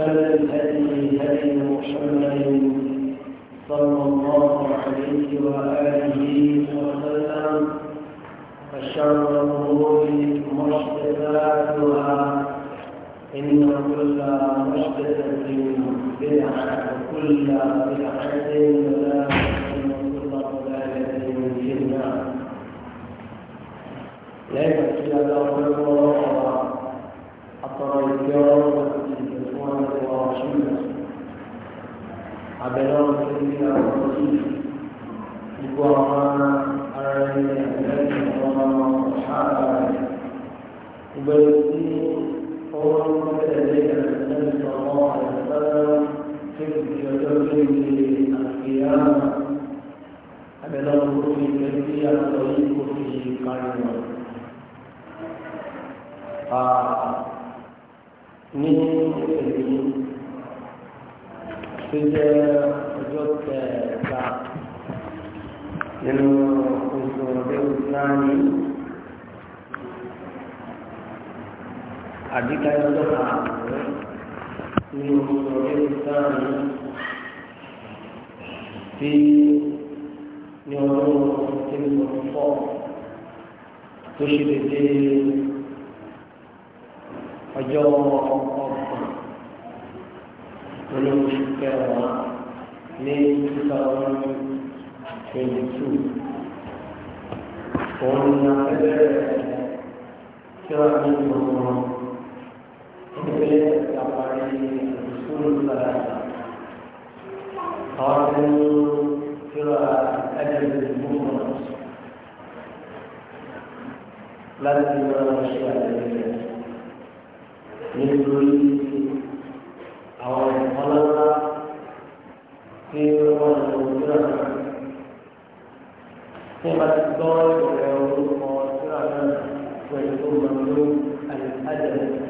وأحسن الهدي هدي محمد صلى الله عليه وآله وسلم وشر الأمور محدثاتها إن كل محدثة بدعة وكل بدعة ضلالة لا يكفي هذا الله أطرى الكرم ní àwọn yìí gbogbo àwọn ara ẹni àti ọmọ ọ̀ṣáàbà rẹ̀ gbogbo ẹni tí ọwọ́ ń bẹ̀rẹ̀ lẹ́yìn lẹ́yìn ọmọ àyàtọ̀ tí kò fi ọjọ́ tó ń ṣe àfihàn abẹ́lẹ́ ọkọ̀ nínú oṣù ọ̀dẹ́wò sáàní àdíkáyọ̀ lọ́pàá àwẹ̀ nínú oṣù ọ̀dẹ́wò sáàní tí ní ọdún twenty twenty four tó ṣe dédé ọjọ́ ọgbọ̀n nínú oṣù kẹwàá ní two thousand twenty two òun ni abẹ́rẹ́ tí wọ́n ní ìmọ̀ ẹgbẹ́ àparí ìṣòro lára láti máa ṣe àtẹ̀lẹ́ nítorí àwọn ẹgbẹ́. قيمة الدور والعلوم والسلام والعلوم الأدب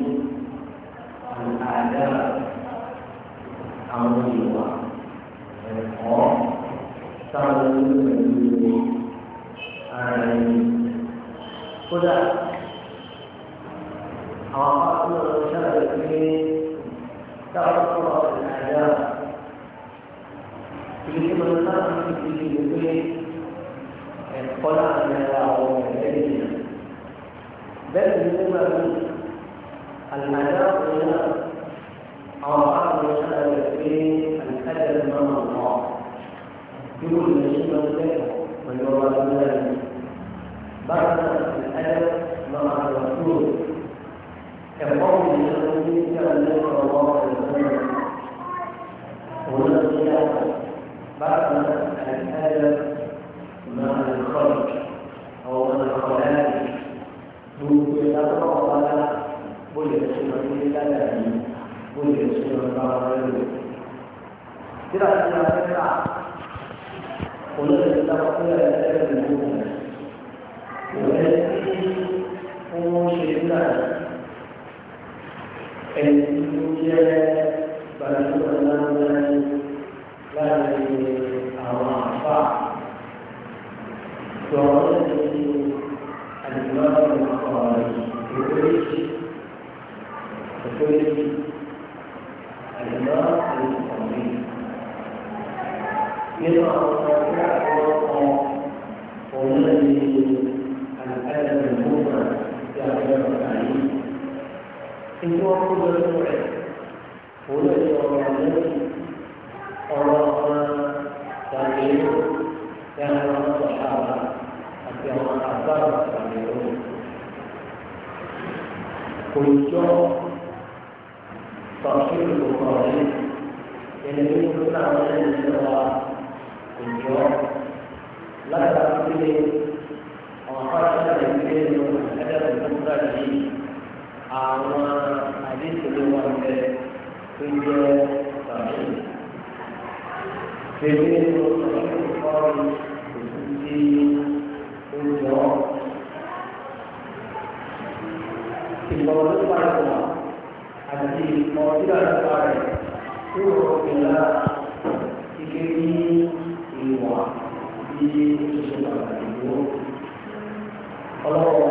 إن هو كل نوع هنا يرى النبي أراها تعليم كان الصحابة أتى الأخبار تعليم كل يوم تصحيح البخاري النبي صلى الله عليه وسلم كل يوم لا تقبل وقال لك الأدب المفرد àwọn àdéhùn wọn bẹ tó jẹ́ sàmì. Bèbí nínú ọ̀rọ̀ òkú tí ó jọ ìmọ̀ràn nípa ìwà àti ìmọ̀ràn nípa ìwà rẹ̀ tó rọ̀ ìlà ike ní ìwà bí ó ṣe pàtàkì tó ọlọ́wọ́.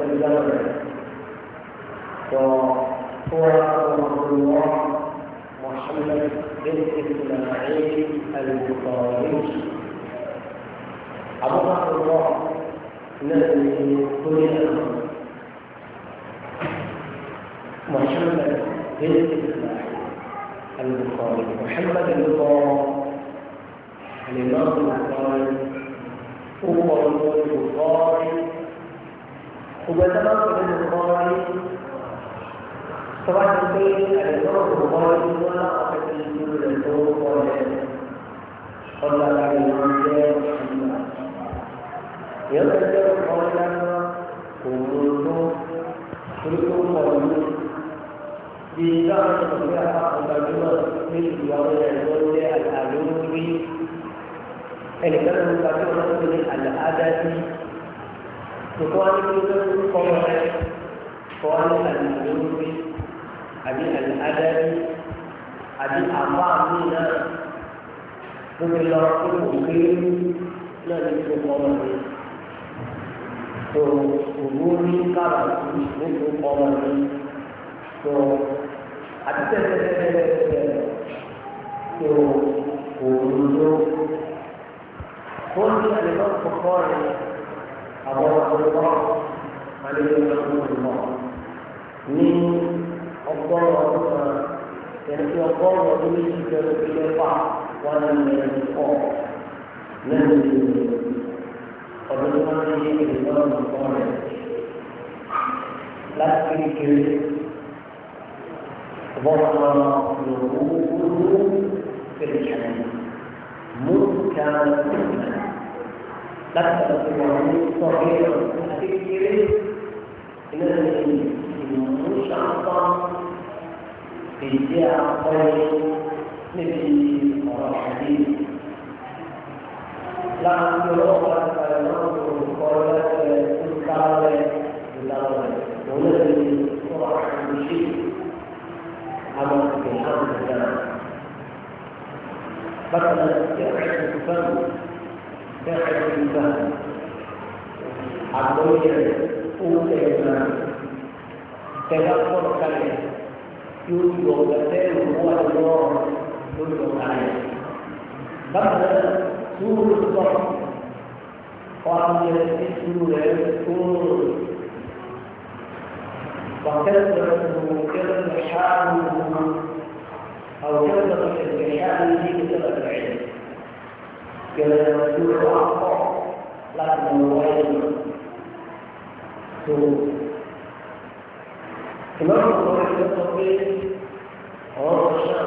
وسلم وهو رحمه الله محمد بن اسماعيل البخاري أبو بكر الله نبي كلنا محمد بن اسماعيل البخاري محمد البخاري الإمام البخاري هو البخاري وبعدما قلنا البخاري طبعا البيت الإمام البخاري ولا أحد يقول البخاري قال لا الإمام محمد يذكر قولنا قولته قلتم قولنا بإنسان تطبيعها مقدمة مثل يوم الزوج الألومي الكلمة مقدمة من العدد وقال لي قال قال المعلوم أبي الأدب أبي أعطانينا ثم الله مقيم لا يكون قومي وقبولي قال يكون قومي وقبولي قلت الإمام البخاري àwọn ọ̀dọ́ alẹ́yẹ̀wò ní ọgọ́rùn ọdún kan ẹni tí ọgọ́rùn ọdún méjì bẹ̀rẹ̀ sí mẹ́fà wọn ní ẹni pọ̀ lẹ́nu ọdún tó máa ń yé ìdílọ́rùn nǹkan rẹ̀ láti kékeré ọgbọ́n kan lòwú lòwú fèrè kàn mú kàn mú kàn láti tẹ̀lé wọn ní sọ̀rọ̀ àti kéré iná ní ìmọ̀ ṣàǹfà èyí àkọ́yé níbi ọ̀rọ̀ àdé. Láàrín ọlọ́wọ́ àti àìmọ́ olùkọ́ lẹ́sẹ̀ tó kárẹ̀ ìlànà òun lè ní fẹ́rẹ̀ nígbà àgbọ̀yé rẹ̀ owó tẹ̀lé náà tẹ̀lá pọ̀lọ̀ kalẹ̀ yóò yọ ọ̀gẹ̀dẹ̀ ìwọ àlọ́ lórí ọ̀gá rẹ̀. bákan náà sùúrù ló sọ ọ̀hún yẹn ti sùúrù rẹ̀ sùúrù وكثرة كثرة حاله أو كثرة الجهال هي كثرة العلم kẹlẹ́rẹ́ tó lọ akọ láti mọ wáyé lọ. tó ìmọ̀ràn kan ló ń sọ pé ọ̀rọ̀ ṣàn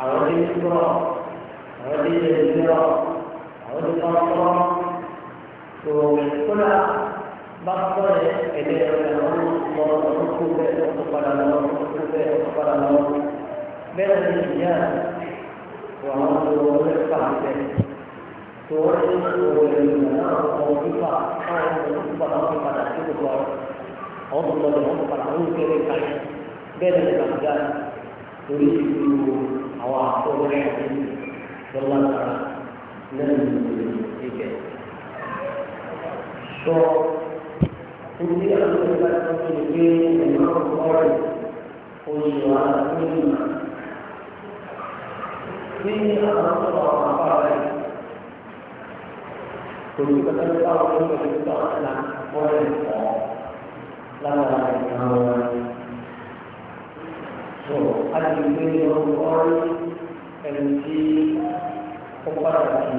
àwọn tí ń sọ àwọn tí ń lè lọ àwọn tí wọ́n sọ tó kódà bá sọ yẹ ẹ̀dẹ́ ẹ̀rọ lọ́wọ́ lọ ọdún kó bẹ́ẹ̀ ọdún padà lọ ọdún kó bẹ́ẹ̀ ọdún padà lọ bẹ́ẹ̀ ni ìyá rẹ̀ àwọn ọmọ rẹ̀ fà tẹ̀. tó wọ́n ti ń sọ wọlé ìgbà náà ọmọ fífà káwọn ọmọ fífà náà wọ́n padà sí gbogbo àwọn àwọn ọmọ ọmọ wọn padà wọ́n ń kéré ká yẹn bẹ́ẹ̀ ni gbàgbà torí ìlú àwọn àkọọ́lẹ̀ àti lọ́wọ́ àgbà lẹ́nu ìgbẹ́. sọ ìdí àwọn ìgbà tó ti gbé ẹ̀rọ ọ̀rẹ́ oṣù àti mímọ́ ní àwọn ọmọ ọmọ ọmọ rẹ̀ kò sí pẹ̀lú ẹgbẹ́ àwọn ọmọ ọmọ ìgbésẹ̀ ọ̀hún là wọ́n lè fọ́ lára àwọn tó agbègbè ọ̀hún ọ̀hún ẹni tí ó pàtàkì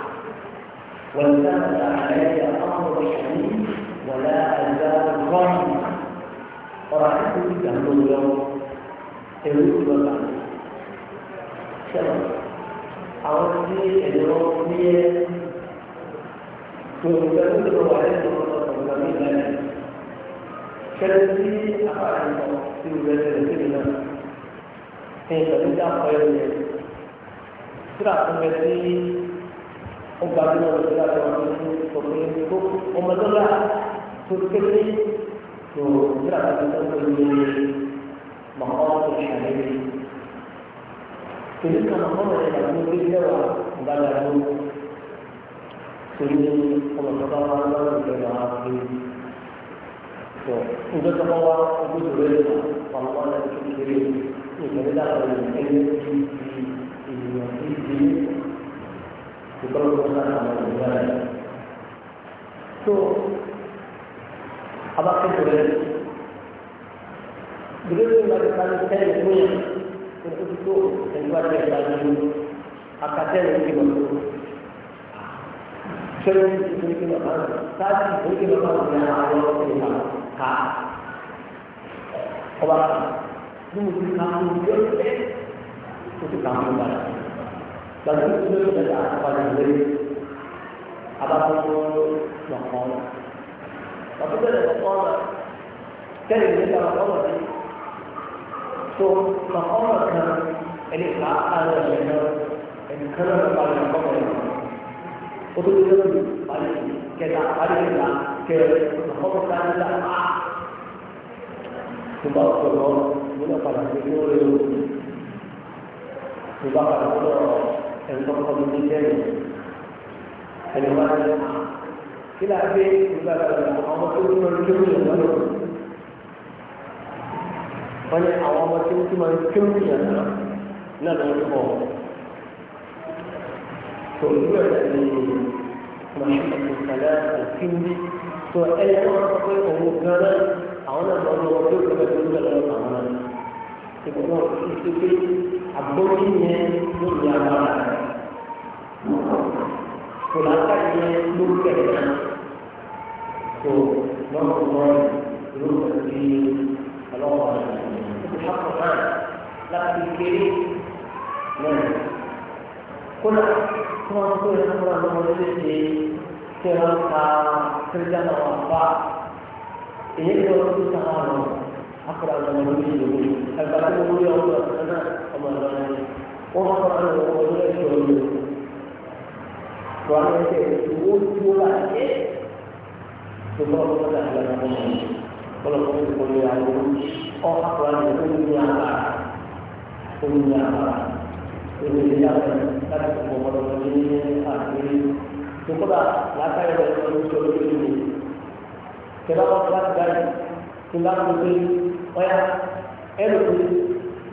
والثالث علي امر الحديث ولا ازال ظن ورأيت جهل اليوم تريد الوطن شباب أعطي اليومية تنزل الرواية والتصميم كالذي أفعل في ولاية الكلمة حيث بدأ خير اليوم ترى التي ó gba ní ọ̀rọ̀ ìlà tó wọn ní ọ̀pọ̀ ní kó ọmọ tó là tó kékeré tó ìlà tó tó tó ní mọ̀kọ́ tó ṣàlẹ́ yìí. Kìlí kan mọ̀kọ́ mọ̀ nígbà tó ní lẹ́wà ìgbàgbà tó tó ní ọmọ wà lọ́wọ́ ìgbàgbà wà tó ìjọ tó bá wà ojú tó lé lọ àwọn ọmọ náà kékeré ìgbàgbà tó ní ẹni tó ti ìyọ̀ diperlukan sama sebenarnya. So, apa itu boleh? Begitu melakukan saya itu untuk itu keluar dari dalam akademi itu betul. Saya itu itu apa? Tadi itu itu apa yang awal kita ha. Apa? Ini mesti kamu jadi, itu eh? kamu barang bagi itu sudah kepada diri apa itu makam tapi kalau makam kan ini kalau makam ini so makam kan ini tak ada yang ini kalau pada makam ini itu juga paling kita paling kita ke makam kan tidak ah sebab kalau kita pada diri itu sebab kalau ẹni tó kọ́ mi lẹ́yìn ẹni wá ní kí láti dé nígbà tó lọ àwọn tó ń máa ń kéwù yẹn lọ́nà wọ́n ní àwọn ọmọ tó ń máa ń kéwù yẹn lọ́nà náà ló ń kọ́ tó ń lọ sí mọ̀ṣẹ́ ìkàlẹ́ òkìndí tó ẹni tó ń sọ pé òun gan-an àwọn náà lọ́nà wọn tó ń lọ sí ìgbàlódé àwọn náà ìgbàlódé àgbọ̀dé yẹn ló ń yára rẹ̀ kò láta yẹ lórí kẹ̀kẹ́ náà kò lọ́kọ̀ lọ́rọ̀ lórí kẹ̀kẹ́ ọlọ́wọ́ rẹ̀ ó ti hàpọ̀ náà láti kéré náà kódà tí wọ́n tó yẹ kódà lọ́wọ́ lé ṣe kí wọ́n ka kírísítà náà wà bá èyí ló ń tó sáà lọ akọ̀dà lọ́wọ́ lé ṣe lórí àgbàdo wọlé ọ̀dọ̀ ọ̀dọ̀ náà ọmọ ìlọrin wọ́n bá kọ́ àwọn ọmọ ìlọrin Soalnya dia wujudlah Semua orang dah dalam komunikasi Kalau kamu kuliah dulu Oh aku ada punya apa Punya apa Ini dia Kan semua orang ini Akhirnya Cukuplah Lata yang ada muncul ini Kenapa kelas dan Tinggal mungkin Oh ya Elu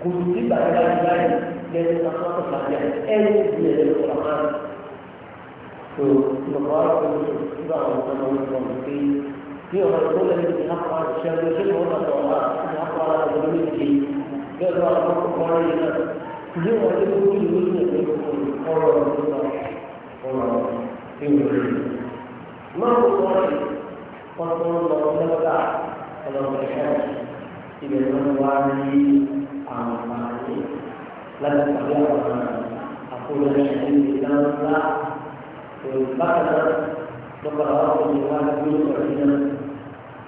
Kunci bagi-bagi Dia sesuatu saja Elu dia dari orang tó ìjọba wa lọ sí والبحر ذكر الإمام يوسف هنا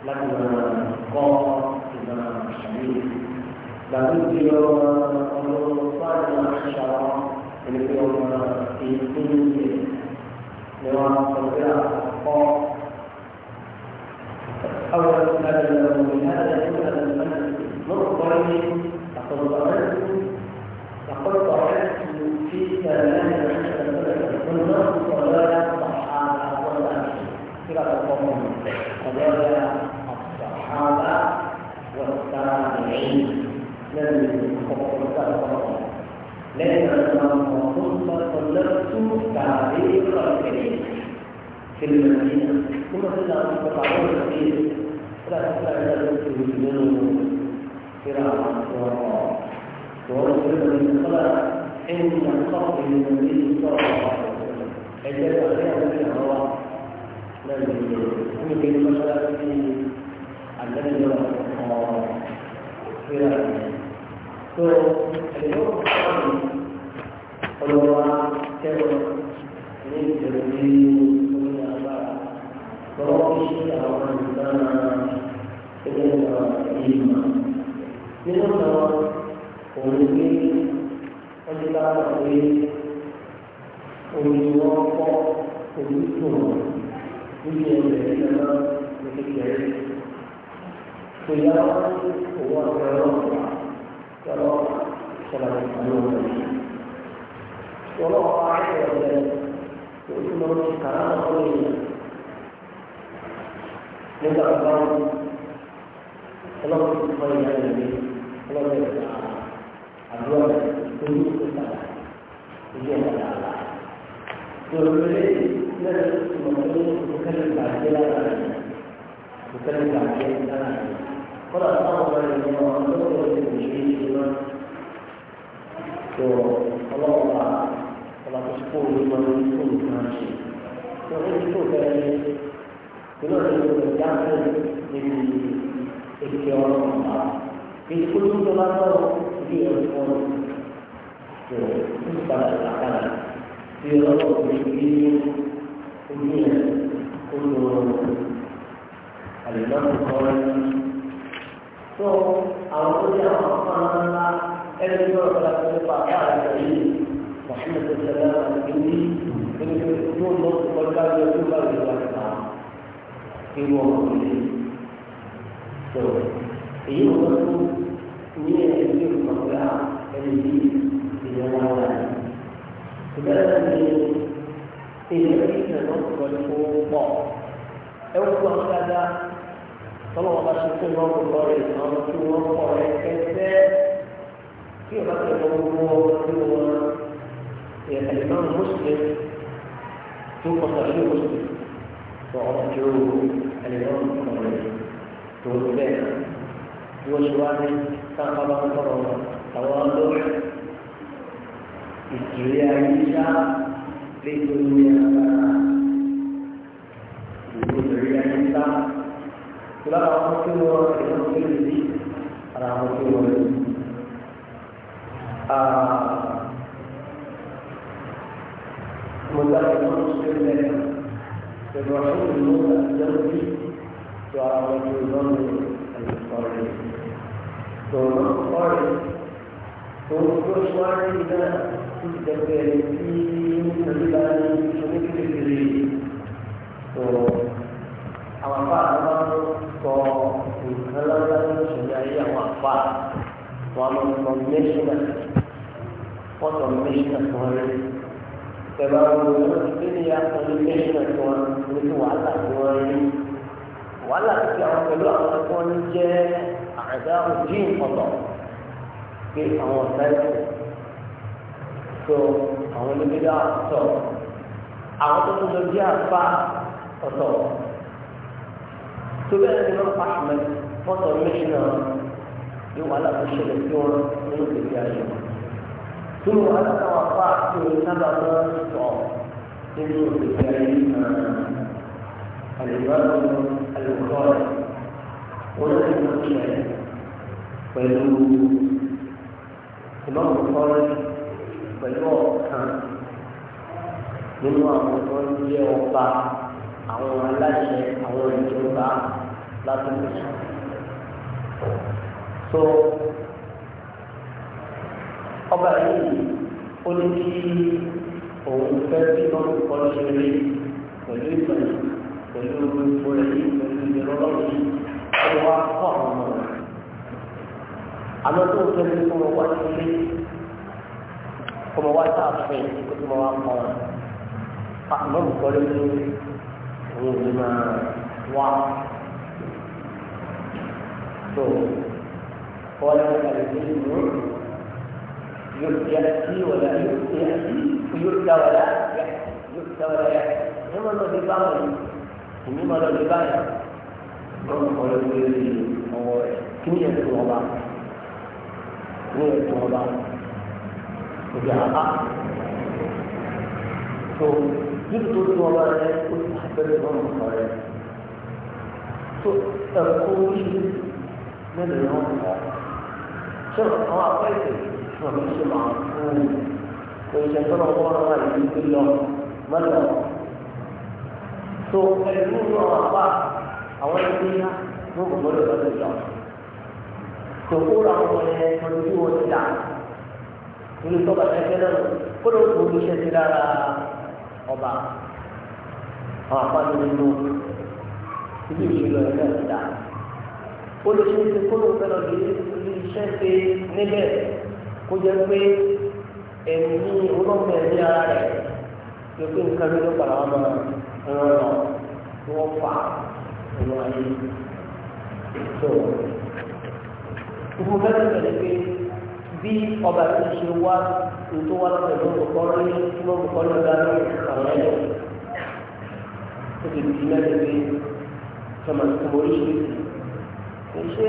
لما قال كما الشريف لابد يوم الثاني عشر من يوم في كل يوم تربيع الأخطاء أولا من هذا يوم المنزل مقبل لقد ضررت لقد ضررت في ثلاثة عشرة والناس ولا الصحابة ولا كلا تقوم ولا الصحابة والتابعين لم يكن لأنه ثم طلبت تعريف الكريم في المدينة ثم طلع مستطعون الكثير فلا تطلع إلى الوقت المجنون قراءة وراء ورسول من الصلاة عند قبل النبي صلى الله عليه وسلم ẹ̀jẹ̀ náà ní àwọn ìyàwó wa náà ní ìlú ní ìlú mọ́ṣáláṣí ní àgbẹ̀lẹ̀ náà ọ̀ọ́ fúra tó ẹ̀jọ́ kọ́ọ̀nù ọlọ́wà kẹ́rọ ní ìṣẹ̀lẹ̀ ní orí agbára lọ́wọ́ ṣí àwọn ìgbàna ẹgbẹ́ náà yìí mọ́ nínú náà òun ní ọjọ́ bá wà olùwọ́ ọkọ̀ olùtò níbi ẹ̀rẹ̀ ìjọba kékeré ìyá owó àgbẹ̀rẹ̀ ọ̀pá tọ́lọ́ sọ̀rọ̀ ìpàdé ọ̀pá tọ́lọ́ ààrẹ ọ̀rẹ́ olùmọ̀ ti kàrà ọ̀rọ̀ ìyá nígbà tó ọlọ́run ti kọ́ ìyá rẹ̀ ní ọlọ́run ìgbà àdúrà olùkọ́ ìgbà ìjọba àlàáfíà. Dovrei essere bukan bahagia lagi, bukan bahagia lagi. Kalau tahu dari orang itu dari sini cuma tu kalau Allah kalau tu sepuluh lima pun masih. Kalau itu dari kalau itu berjasa di ikhwan Allah. Ini pun tu lah tu dia orang tu. Itu pada kalangan. tí èyí wọ́n tó ní ẹni tó kọ̀ọ̀kan ẹni yìí ìyẹn wà láàyè ìbẹ̀rẹ̀ náà ni èèyàn ní ìrẹ̀lọ́ ìrọ̀lẹ́ owó pọ̀ ẹ wọ́n gbọ́ dáadáa tọ́lọ́ wọn bá ṣe pé wọ́n kò lọ rẹ̀ àwọn tí wọ́n pọ̀ rẹ̀ kẹsẹ́ kí ọba tẹ̀ lọ wọ́ sí wọn ẹ̀ẹ́dẹ̀gbọ́n mùsùlùmí tó kọ́ sàlẹ̀ mùsùlùmí tó ọ̀rọ̀ tó ẹ̀ẹ́dẹ̀gbọ́n mùsùlùmí tó bẹ́ẹ̀ wọ́n ṣe wá ní sáfà ń sọ̀rọ̀ ìtìrí ayíṣá léko ní agbára ìtìrí ayíṣá tó lára wọn tí wọn ẹ̀rọ tó lè di ara wọn tó wọn lè di. مدرس مسلم الرسول المولى الزوجي وعلى رجل القارئ òun tó ṣe wá rí náà tó ti dẹ̀gbẹ́ rẹ̀ tí nítorí bá ní oníkékeré tó àwọn afá àtàwọn máa ń sọ nǹkan lọ́dọ́ ní ìṣẹ̀lẹ̀ ayé àwọn afá wọn máa ń sọ mẹ́ṣínà wọ́n sọ mẹ́ṣínà tó wọn rí pẹ̀lú àwọn olùkọ́ ti ní jẹ́ àdá òdì ọ̀tọ̀ pé àwọn ọ̀sẹ̀ ẹ̀sìn tó àwọn olùgbéra tọ̀ àwọn tó tún lọ bí àfa ọ̀tọ̀ tó bẹ́ẹ̀ ni wọ́n pa àmì fọ́tò mẹ́ṣínà ní wàhálà tó ṣẹlẹ̀ sí wọn nínú ìgbésí ayé wọn. tó ní wàhálà táwọn afá tó ní sábà máa ń nínú ìgbésí ayé náà àlùbáwò àlùkọ́ rẹ̀ lè mú ìṣẹ̀lẹ̀ pẹ̀lú ìmọ̀mù kọ́rin pẹ̀lú ọ̀kan nínú àwọn tó ń jẹ́ ọba àwọn aláṣẹ àwọn ìjọba lásìkò so ọba yìí ó ní kí òun fẹ́ bí ìmọ̀mù kọ́rin ṣe rí pẹ̀lú ìtọ́jú pẹ̀lú ìfọ̀rẹ́yìn pẹ̀lú ìrọ̀lọ́yìn ó wá kọ́ àwọn ọmọ rẹ̀ àmọ́ tó ń fẹ́ ní kó wọ́n wá sí ilé kó wọ́n wá sí àfẹ́ kó tó wọ́n wá kọ́ wọn. àmọ́ mi kọ́ ló ní òun ní máa wá. tó wọ́n lọ sí àlejò ìlú yóò ti àti wọ̀lá yóò ti àti yóò ti àwọ̀lá yóò ti àwọ̀lá yá. ìyẹn lọ sí báwọn ìyẹn lọ sí báyà. lọ́wọ́ kọ́ ló ní ọwọ́ rẹ̀ kí ni ẹ̀sìn wọn bá ní ẹ̀tọ́ ọba ìgbà á tó níbi tó tún ọba rẹ ó ti abẹ́rẹ́ lọ́nà ọ̀sán rẹ tó ẹ̀kọ́ oríṣi mẹ́rin ló ń kọ́ ṣé àwọn apẹ́ẹ̀tẹ̀ tí wọ́n fi ṣe máa fún un kò ṣe tọ́lọ̀ wọ́n wá ìlú tó lọ mọ́lọ̀ tó ẹ̀dùn náà wà àwọn ẹgbẹ́ yá ló ń gbọ́dọ̀ lọ́dọ̀ yọ tòkó ra wọn yẹn lójú wọn ti dà nínú tọ́ba ẹgbẹ́ náà kó ló kó oníṣẹ́ ti dára ọba àwọn àpáàdé nínú ibi ìṣèlú ẹgbẹ́ ti dà ó lè ṣe ṣe kó ló fẹ́ lọ sí ilé iṣẹ́ ṣe níbẹ̀ kó jẹ́ pé ẹ̀mí olóògbé ẹ̀mí ara rẹ̀ yóò pé nǹkan ló ló padà wọn ẹran lọ tí wọ́n fà tó gbogbo bẹ́ẹ̀ tẹ̀lé pé bí ọba tó ṣe wá tó wá lọ́dọ̀ ló ń kọ́ lórí tí wọ́n kọ́ lọ́dọ̀ dáná àwọn ẹ̀yọ́ ó ti di mẹ́rin pé sọmọ tó mọ oríṣiríṣi kì í ṣe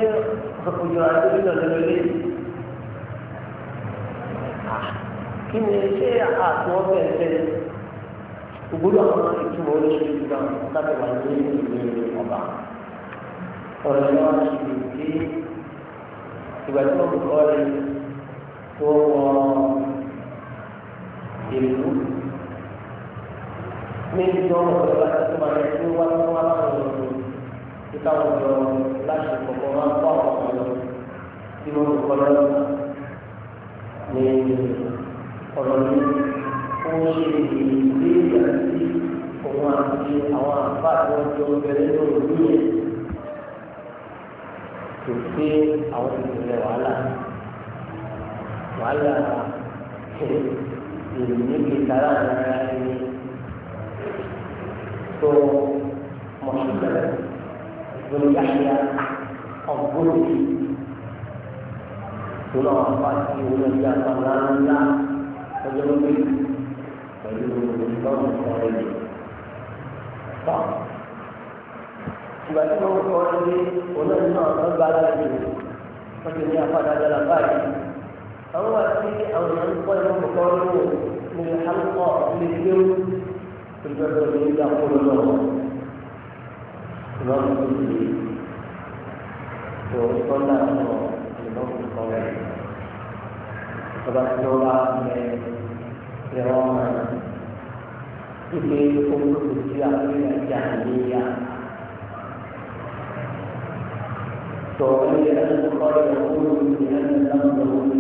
òjò àti nínà lọ́dọ̀ lé kí ni ṣé àti wọ́n bẹ̀rẹ̀ tẹ́lẹ̀ gbogbo àwọn ìtumọ̀ oríṣiríṣi náà láti ní ìlú ọba ọ̀rọ̀ ẹ̀ wá ìgbà tí wọ́n kọ́ ẹ tó wọ ìlú níbi tí wọ́n mọ̀ lọ́wọ́ láti máa yẹ kí wọ́n wá wá láwọn ọ̀dọ́ tí káwọn ọ̀dọ́ láti kọ̀kọ́ wá kọ́ àwọn ọ̀dọ́ tí wọ́n kọ́ lọ́wọ́ ní ọ̀dọ́ ní wọ́n ṣe ìdílé àti òun àti àwọn àbá àti wọn jọ bẹ̀rẹ̀ lórí yẹn kò sí àwọn ìpìlẹ̀ wàhálà wàhálà ìrìnnì kìtàrà nara ẹni tó mọ̀ṣúlẹ̀ lórí yáyà ọ̀gbọ́nì tó náà wà sí orí ọjà sọ̀rọ̀ ńlá ọjọ́ lórí pẹ̀lú ìgbọ́n ọ̀rẹ́ yìí ìgbà tí wọ́n kọ́ ọ́ lé olóyè náà wọ́n gba ara rẹ̀ lò wọ́n ti ní afáàdá dára báyìí. àwọn àti àwọn èèyàn ń kọ́ ẹ̀rọ kọ̀ọ̀kan lówó ní alùpọ̀ ní ilé ìjọba ní ìgbà kúrò lọ́wọ́. ìlọ́mù tó ti tó tọ́lá sọ ìlọ́mù kan rẹ̀. ìjọba tí wọ́n bá mẹ ẹ̀rọ ọ̀hún. Ibi ohun tó àwọn ìrìn àjà فولي أن البخاري يقول بأن نقله منه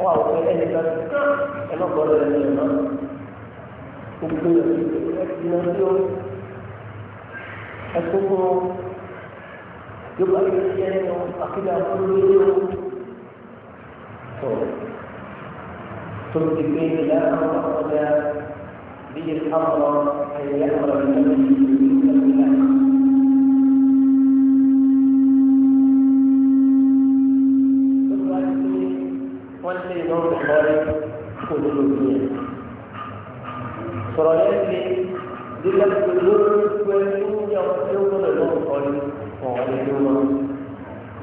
وهو إلى الإمام وبدون الإمام أكون يبقى الإنسان عقيدة كل يوم تلقي فيه لا أنفقد به الأمر أن يأمر بالنبي والذي نور الخالق ودلوبية سرعات لي دي لك تدور كويسين يوصلون لنور الخالق وعليكم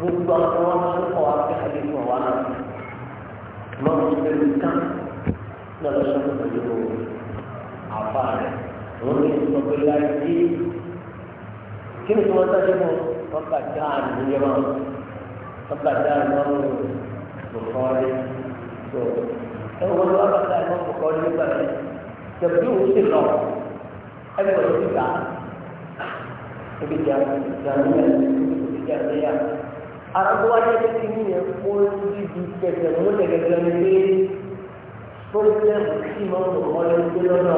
مطبع وعليكم وعليكم وعليكم lọ́nà tó lè tán lọ́nà tó lè pẹ̀lú àfa rẹ̀ òun ní sọ pé láyé tí kí ni wọ́n tán nínú ọkà jáàmù níyẹn ọkà jáàmù ọ̀hún bùkọ́lé tó ẹ wọ́n lọ ọkà jáàmù ọ̀hún bùkọ́lé nígbà tí tẹ̀síwò sì lọ ẹ bẹ̀rẹ̀ sí ta ebi jáde jáde yẹn ebi jáde yẹn ara tó wá jẹ́ kí ní yẹn kó níbi tẹ̀sẹ̀ mú tẹ̀gẹ̀dẹ̀ ní pé pọ́lítẹ́ẹ̀mù sí máa ń mọ̀ ọ́lẹ́ ń gbé lọ́nà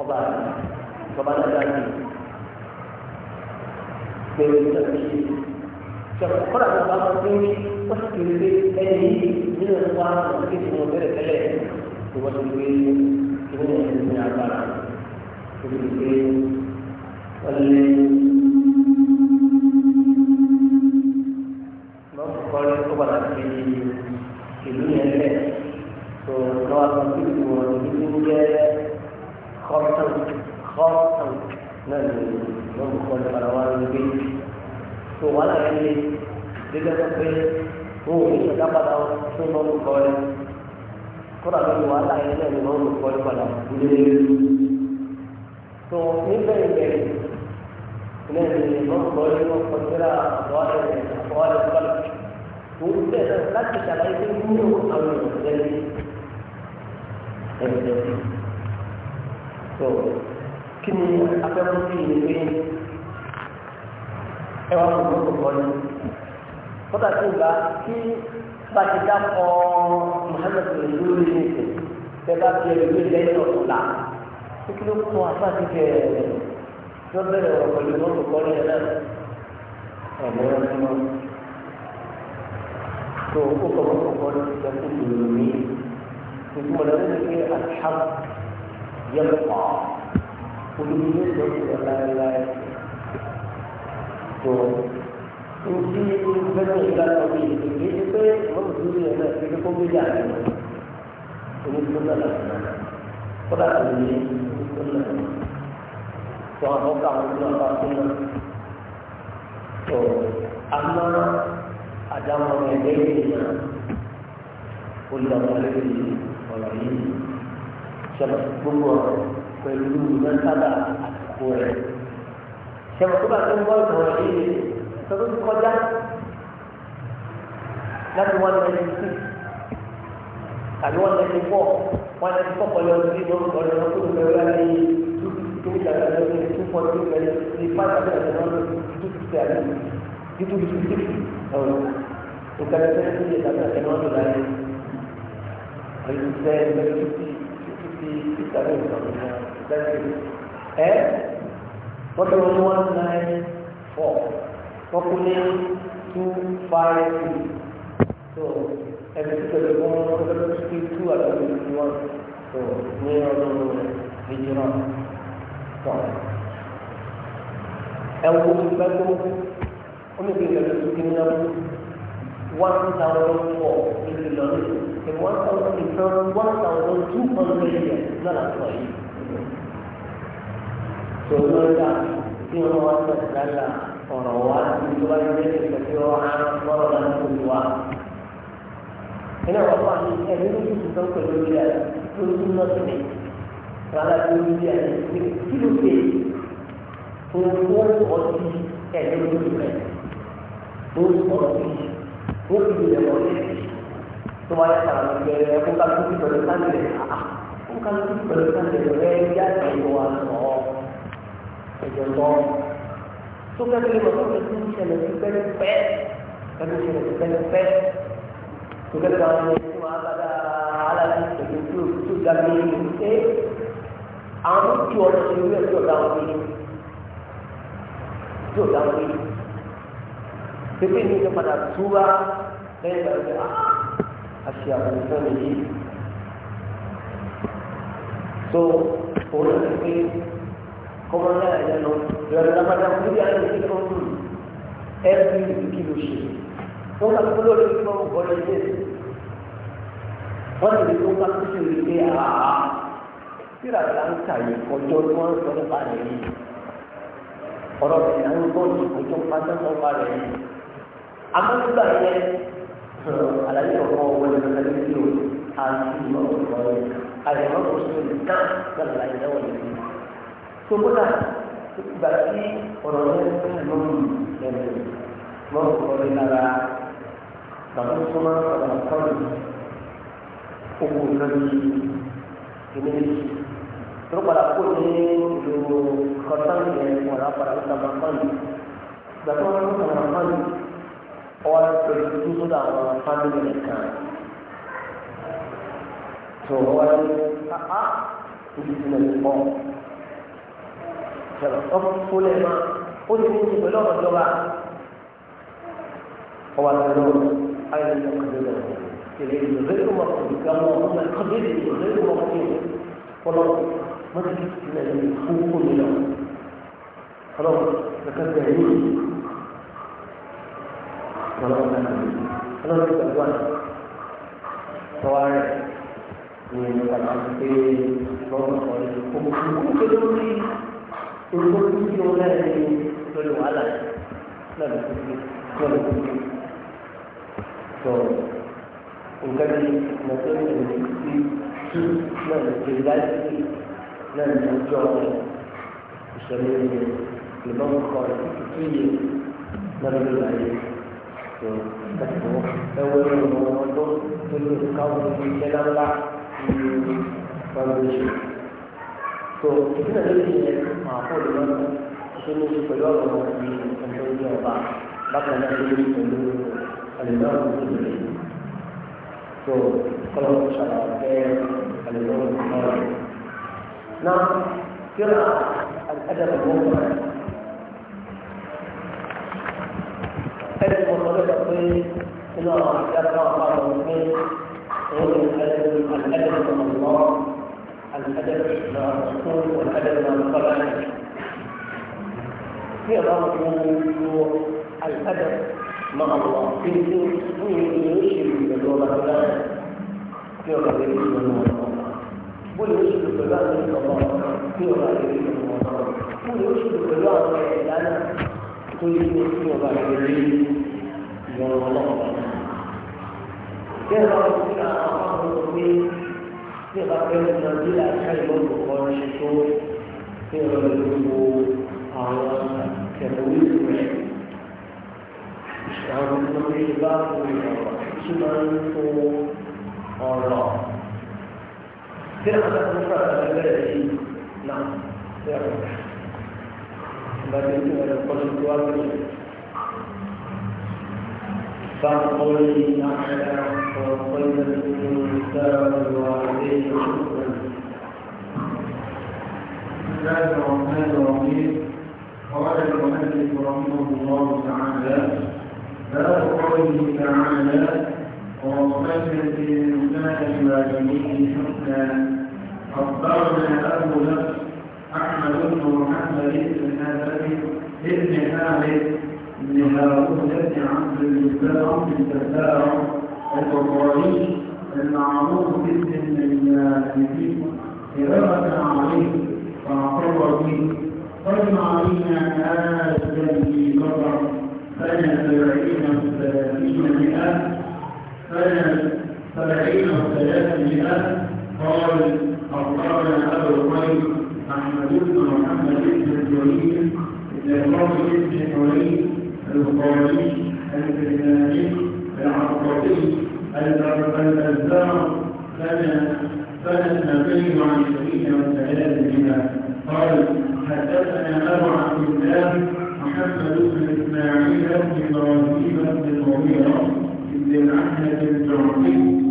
ọba bàbá dáadáa ní pẹ̀lú ìtàkùn sọ̀rọ̀ kọ́ra tó bá wọn pín wọ́n sì kiri pé ẹni yìí nínú ẹ̀kọ́ àwọn ọ̀sẹ̀ tí wọ́n bẹ̀rẹ̀ tẹ́lẹ̀ tó wọ́n ti gbé ìwé ẹ̀sìn ní agbára gẹ́gẹ́ bá pé wọn ò ní ṣẹ̀dá padà fún mọ́nú kọ́ ẹ kódà lórí wàhálà yẹn náà ni mọ́nú kọ́ ẹ padà nílé lórí. tó níbẹ̀ ìbẹ̀rẹ̀ náà ni mọ́nú kọ́ ẹ wọ́n kọ́ síra àfọwálẹ̀ àfọwálẹ̀ kọ́lẹ̀. òun bẹ̀rẹ̀ láti ṣàlàyé pé múlò àwọn ènìyàn lẹ́yìn ẹ̀jẹ̀ tó kí ni afẹ́kùn sí ìlú pé ẹ wá fún mọ́nú kọ́ ẹ kódà tí ìgbà tí bá ti dá kọ́ Muhammed ìlú rí ní ìsìn tẹ́ bá fi ẹ̀rọ ìlú lẹ́yìn ọ̀tún là ó kí ló kún apá ti kẹ yọ bẹ̀rẹ̀ ọ̀rọ̀ pẹ̀lú mọ́tò kọ́rí ẹ̀ náà ẹ̀mọ́ ẹ̀mọ́ tó o kọ́ mọ́tò kọ́rí ẹ̀ kó lòlò mí ìtumọ̀ lẹ́yìn ní pé àṣàm yẹn pa olùdíje tó ń sọ̀rọ̀ láéláé tó nti bẹ́ẹ̀ ní ìgbà náà bíi ìdílé ní pé wọ́n ti rí ẹ̀rọ ìdílé kó gbé yàrá rẹ̀ omi tó náà lọ sí náà kódà tó ní omi tó náà lọ tó àwọn ọkọ àwọn tó náà bá tó náà tó àmọ́ àdámọ́ ẹ̀dẹ́ yìí náà ó lọ sí lórí ọ̀rọ̀ yìí sọ̀rọ̀ gbogbo ọ̀rọ̀ pẹ̀lú mẹ́tàlá àtìkú tọ́tún ti kọjá láti one ninety six tàbí one ninety four one ninety four kọ́lé ọdún yìí lọ́rùn kọ́lé ọdún tó lọ́wọ́ yára ní two fifty tó wíjà lọ́wọ́ ní two forty two fẹ́lẹ́ ní five àti àti one two fifty àti two fifty six ẹ̀wọ̀n nǹkan ẹgbẹ́ tó yẹ tàbí àti one hundred láyé ọ̀yìn tẹ́ ẹgbẹ́ fifty fifty six àti ìsọ̀rọ̀ ní ẹ̀ wọ́n tẹ́wọ́ one nine four. populate 253. So every telephone number 52 or 51. So near the regional point. ẹwọ ìgbẹ́kọ̀ oníbìrì lọ́dún kí ní ọdún one thousand four níbi lọ́dún in one thousand in turn one thousand two hundred years náà lọ́dún yìí. tòun náà dá ọ̀rọ̀ wa nítorí wáyé ní ìgbà tí wọ́n á kọ́rọ̀ náà tó lù wá. Iná wà fún àmì ẹ̀mí ló tún sọ pé lórí ẹ̀ tó tún náà tó lè. Rárá tó lórí ẹ̀ kí ló pè é owó ọtí ẹ̀mí ló tún rẹ̀. Lórí ọtí ó fi lè wọ́n lé. Tó wáyé sàrà lọ́gbẹ̀rẹ̀ ẹ̀kọ́ ká tó fi pẹ̀lú sáńdẹ̀ àá. Ó ká tó fi pẹ̀lú sáńdẹ̀ rẹ̀ yá ìwà sọ̀rọ̀ ẹ̀jẹ̀ lọ́wọ́ tó kẹ́kẹ́ lè wọ́n tó ti ń ṣẹlẹ̀ sí pẹ́lẹ́ pẹ́ pẹ́lú ṣẹlẹ̀ sí pẹ́lẹ́ pẹ́ tó kẹ́kẹ́ lè wọ́n tó máa bàdá aláàbí pẹ̀lú tó tó ga mi ní ṣe àwọn tó ti ọ̀nà ṣe wíwẹ̀ tó ọ̀dà wọn ní tó ọ̀dà wọn ní pépé ní ìjọba padà túbá lẹ́yìn ìgbà tó a ṣe àwọn ìfẹ́ mi yìí tó òun ló ti pé ọmọ náà yẹn lọ ìrọ̀lẹ́ lápáta kò níbi àyè ní kò tún ẹbí kí ló ṣe wọn kà kó lórí kí wọn bọ lọ ilé wọn lè fi wọn kà kó sí ilé ilé àá síra láǹkà yìí kọjọ tí wọn sọ nípa rẹ yìí ọ̀rọ̀ rẹ náà ń bọ̀ ní kọjọ pátá sọ nípa rẹ yìí àmọ́ nígbà yẹn àlàyé ọ̀pọ̀ wọlé lọ́sẹ̀ ní ìlú àti ìmọ̀ ọ̀pọ̀ rẹ àyẹ̀wò kò sí ìlú náà lọ́la ìdáwọ̀ yìí tó kódà ìgbà tí ọ̀rọ̀ yẹn ń bẹ̀rẹ̀ lọ́rùn ẹ̀rẹ̀ lọ́rùn ọ̀rẹ́ lára bàbá tó máa ń padà kọ́lù owó lórí ilé tó padà kó ní ìlú kọ́tán yẹn wọ̀nà padà ń sàmà kọ́lù ìgbà tó máa ń sàmà kọ́lù ọwọ́ pẹ̀lú tó sódà àwọn fámìlì nìkan tó wọ́n wá àá ìdí sílẹ̀ ní ah, ah, sọ̀rọ̀ ọmọ fúnlẹ̀ máa ó ti ní ti pẹ̀lú ọ̀rọ̀ ìjọba ọwọ́ àtẹ̀lẹ́ ayélujára kọ̀dọ̀ lọ tẹ̀lé ìrọ̀lẹ́ ọmọ kọ̀dọ̀ kí ọmọ ọmọ kọ̀dọ̀ lè ìrọ̀lẹ́ ọmọ kọ̀dọ̀ kọlọ mọ́tò ti ti lẹ̀ ní fún fún mi lọ kọlọ kẹkẹ bẹ̀rẹ̀ ní kọlọ kọlọ ti gbàgbọ́ tọ́wá rẹ̀ ní ẹ̀ka àti pé lọ́wọ́ kọ̀ọ̀lẹ́ kó olùkọ́ tó ń lò lẹ́yìn ní lórí wàhálà lọ́dọ̀ tó ti lọ́dọ̀ tó ti tó nǹkan bí mọ̀tò ìrìn tí tú náà ti láti sí náà ní ọjọ́ ìṣẹ̀lẹ̀ ìrìn ìbọn kọ ìtútù yìí lọ́dọ̀ ló láyé tó kẹ́kọ̀ọ́ ẹwọ́ ìrìn ọmọ ọdún tó lè káwọn ìṣẹ̀lẹ̀ ńlá ní ọdún yìí tó ìdílé lórí yẹn máa fọ́ ìlú lọ́nà tó ní oṣù pẹ̀lú ọ̀rọ̀ wọn ní ọjọ́ ìjọ ọba bákan náà ló ní pẹ̀lú àlùmọ́ọ̀rọ̀ tó lè tó kọ́lọ́ ṣàlàyé àlùmọ́ọ̀rọ̀ tó lọ́rọ̀ náà kíra àdàbọ̀ mọ́tò ẹni mo sọ lọ́dọ̀ pé inú àwọn الأدب مع الرسول والأدب القرآن هي برضه الأدب مع الله في كل شيء من الوضع في غير الله ويشهد بالله من الله في غير الله ويشهد بالله من أنا ويشهد في غير الله الله كيف ربنا tí ìbá pẹ́ ní ọjọ́ bí àṣà ìlọ́gbọ̀n kan ṣe tó ní ọ̀rọ̀ gbogbo àwọn kẹ̀lẹ́wé rẹ̀ àwọn ọmọdé bá fún ìrọ̀rọ̀ tí máa ń fún ọ̀rọ̀ tí a bá tún fún àtàlẹ́ bẹ̀rẹ̀ sí náà tí a bá bá tún fún ẹ̀rọ kọ́sí tó wá lórí bá ń kọ́ lórí náà ẹ̀rọ kọ́ lórí الإنسان وعليه الرحيم قال المؤلف رحمه الله تعالى باب قوله تعالى ووصينا الإنسان بوالديه حسنا أخبرنا أبو أحمد بن محمد بن نبي بن هارون بن عبد الجبار بن الجبار البخاري المعروف باسم المسيح إرادة عليه فاعتبر به قدم علينا آل الذي كفر فلا سبعين وثلاثين مئة فلا سبعين وثلاثين مئة قال أخبرنا أبو الخير أحمد بن محمد بن الجليل لقوم بن حليم القاضي الكرماني العقبطي الأزهار فلا النبي عن سبيل والعياذ بها قال حدثنا أبو عبد الله محمد بن إسماعيل بن إبراهيم بن المغيرة بن الأحمد الجعفي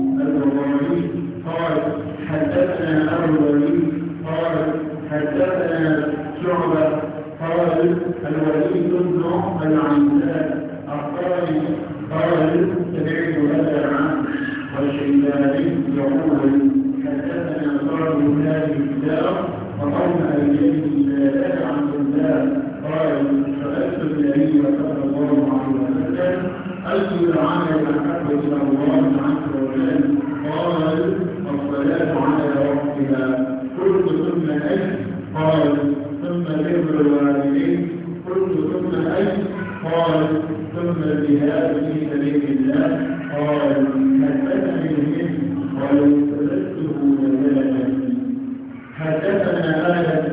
قال حدثنا أبو الوليد قال حدثنا شعبة قال الوليد بن العنزاب أخبرني قال سمعت ابا عمرو والشيباني يقول حدثنا بعض اولاد الكتاب فقوم اليه لا عن الله قال سالت النبي صلى الله عليه وسلم اي العمل الله عز وجل قال الصلاه على وقتها قلت ثم اي قال ثم بر الوالدين قلت ثم اي قال ثم الجهاد في سبيل الله قال حدثني منه ولو سددته لزادني حدثنا آية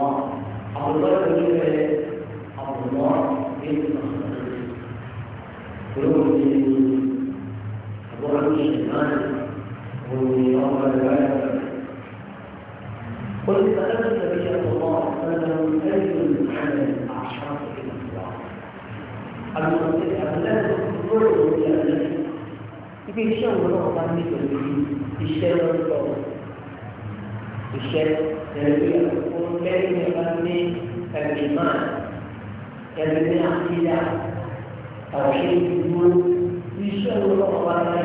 الله عبد الله بن عبد الله بن مسعود قلوب أبو عبد الرحمن وأبو قلت فأنا النبي صلى الله عليه وسلم أي العمل أعشاق إلى الله الأولاد كلهم إلى النبي في شيء من الله الشيء الشيء يلوي تكون كلمة كالإيمان يلوي عقيدة توحيد الوجود يشهد الله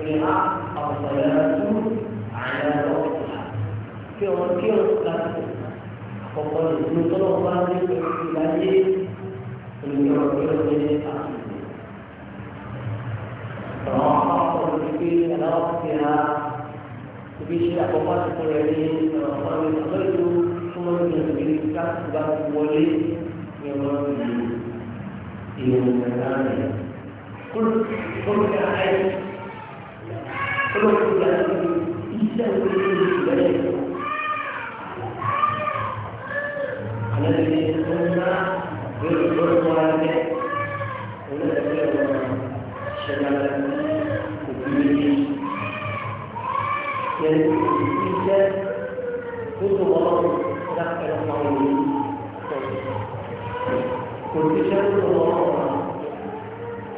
الحق الصلاة على وقتها كيف كيف وقد يطلب ذلك الإلهي المعبر عن رواه الذكر على وقتها ibi àkọ́kọ́ àtúntò rẹ̀ ní ọ̀pọ̀ àwọn ìtọ́jú ìlú fún wọn ní ìlú káàtó bá wọlé ní wọn ní ìlú nàìjíríà rẹ̀. kólókè àyè kólókè àyè iṣẹ́ òkè ní ìlú rẹ̀. Àwọn ènìyàn yẹn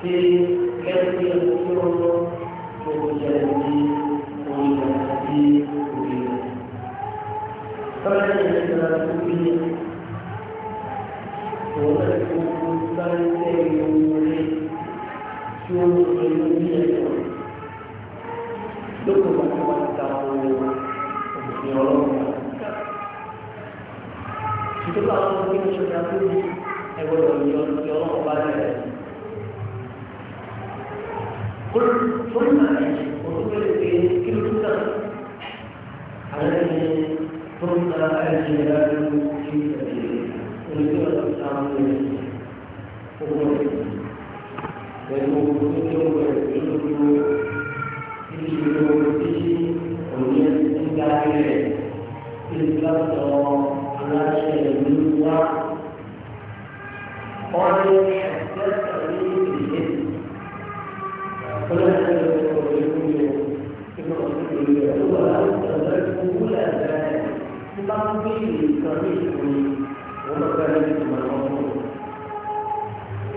ti lóko bá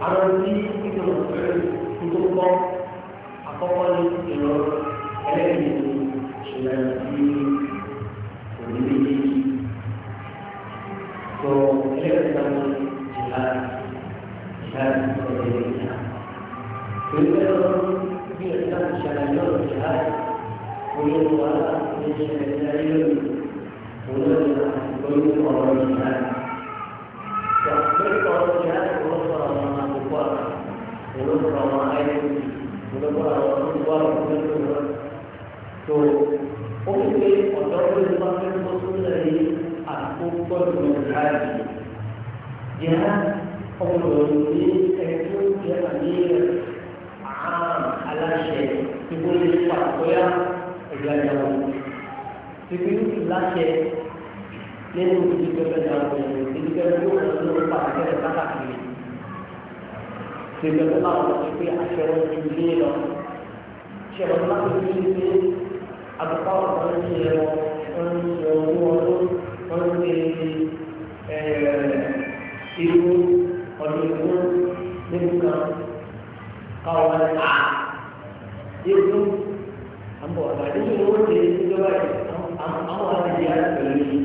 àwọn tí ìjọba ìjọba àkọ́kọ́ ní tu jihadi jihad ọ̀rọ̀ ní ẹjọ́ jẹ́ àníyàn àrùn aláṣẹ ìwọlé pàtóyà ẹ̀jẹ̀ àjàwọ̀ ìpín láṣẹ nínú ìdíjọba àjàwọ̀ ìdíjọba tó wà lórí pàtóyà káàkiri ìdíjọba tó wà lórí pé àṣẹ wọn ti lé lọ ṣe wọn bá tó lé pé àbúkọ́ ọ̀rọ̀ ń ṣe ẹ̀rọ ń ṣe ọdún ọdún ń ṣe irú ọdún ìlú nínú kan káwọn máa ń ta àbọ̀ àbàdé tó ń wọ́n ṣe ìjọba àwọn àti ìyá pẹ̀lú yìí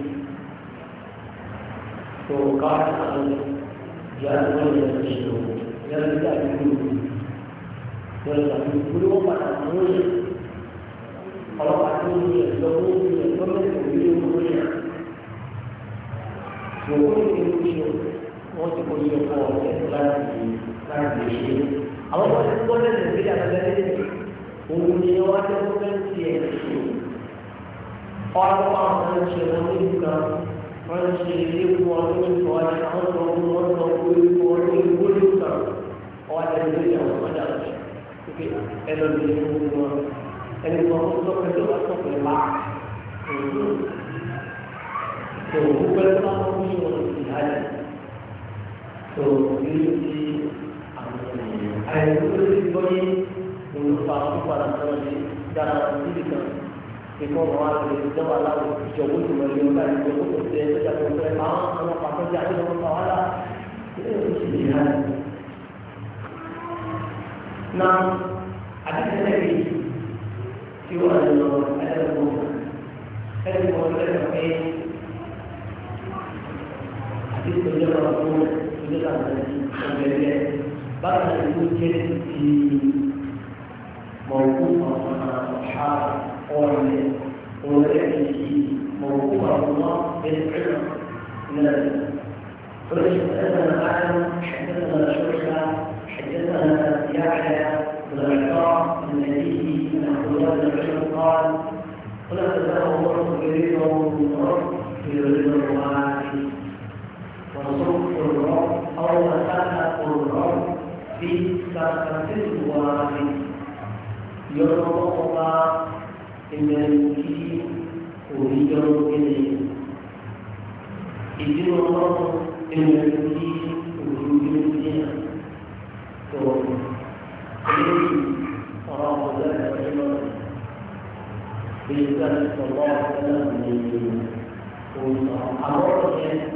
tó káwọn àwọn ìyá tó ń lọ sí ìlú ìyá tó ń ta ìlú ìyá tó ń ìlú ìlú wọn padà mú ọlọ́pàá tó ń lọ sí ìlú ìlú ìlú ìlú ìlú ìlú ìlú yòówù ní ìlú ṣe wọ́n ti kó ṣe fún ọ̀rẹ́ láti láti ṣe. Àwọn ọmọdé tó gbọ́dọ̀ lè rí àgbẹ̀lẹ́ òun ni wọ́n ti kó fẹ́ ti ẹ̀ ṣe. Ọ̀rọ̀ àwọn ọmọ ṣe wọn ní ìgbà wọ́n ṣe ilé fún ọdún ìfọ̀ ọdún àwọn tó ń wọ́n sọ pé ìfọ̀ ọdún ìwó ló kàn ọwọ́ àtẹ̀lé ìyá wọn ọjà ọ̀ṣẹ̀. Ẹ lọ lè fún wọn ẹni tó ń sọ pé lọ́wọ́ sọ pé wá. Tòun pẹ́ wọn ti hàlẹ̀ tó ní ti àwọn ènìyàn. àìsàn tó ti gbọ́ ní olùfà pípadà tó ti dára síbi kan kíkọ́ wọn wá lè jẹ́wọ́ aláwọ̀ ìjọba tó lọ yọ̀ọ́ láì jọ kókò tẹ ẹgbẹ́jà tó fẹ́ máa ń àwọn pàtọ́jà tó lọ́wọ́ pa wàhálà ilé ìwé ti di hàlẹ̀. na àtẹ̀tẹ̀lẹ̀ yìí tí wọ́n lọ ẹ̀rọ ẹ̀rọ ẹ̀rọ ẹ̀rọ ẹ̀rọ في سنة رسول سنة النبي بعد أن يوجد في موقوف الصحابة أولي أولئك موقوف الله بالعلم من العلم فلسنا أعلم حدثنا شركة حدثنا يحيى بن عطاء بن نبيه بن عبد الله بن عمر قال قلت له الله يريد في رضا الله untuk kurung atau tanda kurung di kategori dua ini. Jono apa memiliki kurikulum ini? Jadi orang memiliki kurikulum ini. So, ini orang boleh berjalan di dalam Allah dalam ini. Untuk awalnya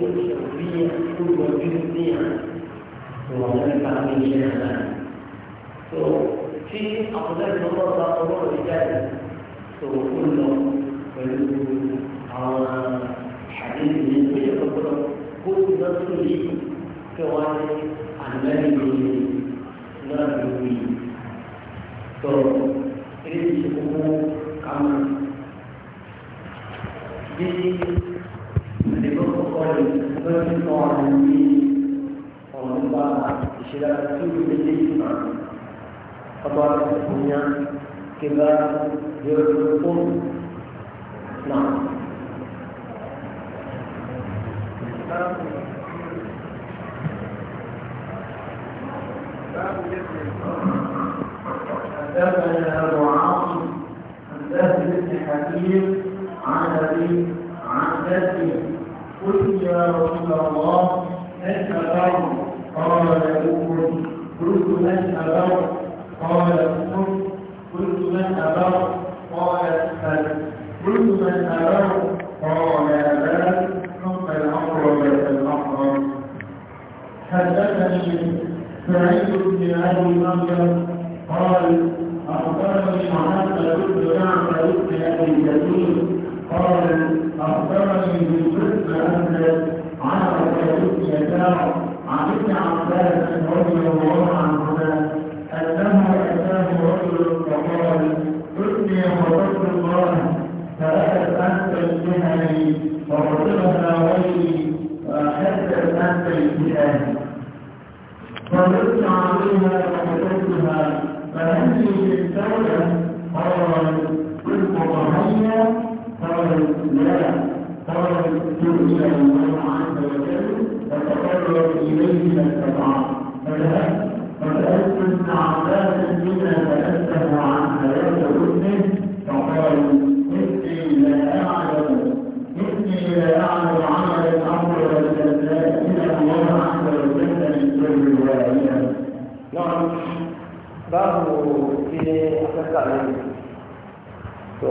sio tabia kubwa dunia tunaona kama so si afadhali mambo za mambo vijana so kullo pelu hawa hadithi ni kuja kwa kuhusu nafsi hii kwa wale ambao ni ndio so في فقال هنا كبار القوم نعم حدثنا أبو عاصم حدث بن حكيم عن أبي عن جدي قلت يا رسول الله كيف قال له قلت من أبر قال الكفر قلت من أبر قال الحج قلت من أبر قال بل ثم بيت الأمر حدثني سعيد بن أبي مريم قال أخبرني محمد بن جعفر بن أبي كثير قال أخبرني بن بن أبي عن يدعو عن ابن عباس رضي الله عنهما انه اتاه رجل فقال اتني وفضل الله فاتت انت الجهل وفضلها غيري واحدت انت الجهل فردت عليها فحدثتها فهل في الدوله قال كنت قالت لا قالت تؤمن الله عز وجل وتقرب إليه ما استطعت فذهبت فسألت عباس بما سألته عن حياة ابنه فقال إني لا أعلم إني لا أعلم عملا أفضل إلى الله عز وجل من كل واحدة نعم باب في التعليم تو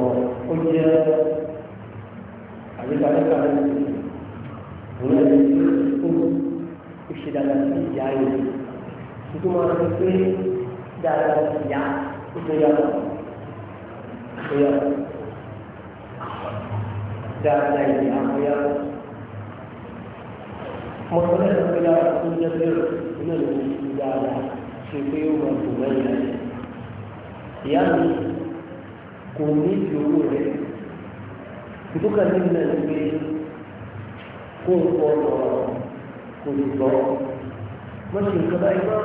قلت عليك عليك عليك òun ẹni tó kó ṣe dáadáa sí ìyá rẹ̀ tuntun máa ń pé dáadáa sí ìyá tó tó yàtọ̀ tó yàtọ̀ dáadáa ìyá tó yàtọ̀ mo sọ lẹ́nu pé dáadáa tó jẹ́ bẹ́ẹ̀rù iná ló ń fi dáadáa ṣe pé ó máa dùn mẹ́rin rẹ̀ ìyá mi kò ní ìdí owó rẹ̀ ìdúkàtí mi náà ti gbé kó o kọ ọ̀rọ̀ kò sì gbọ́ mọ́tì nǹkan báyìí mọ́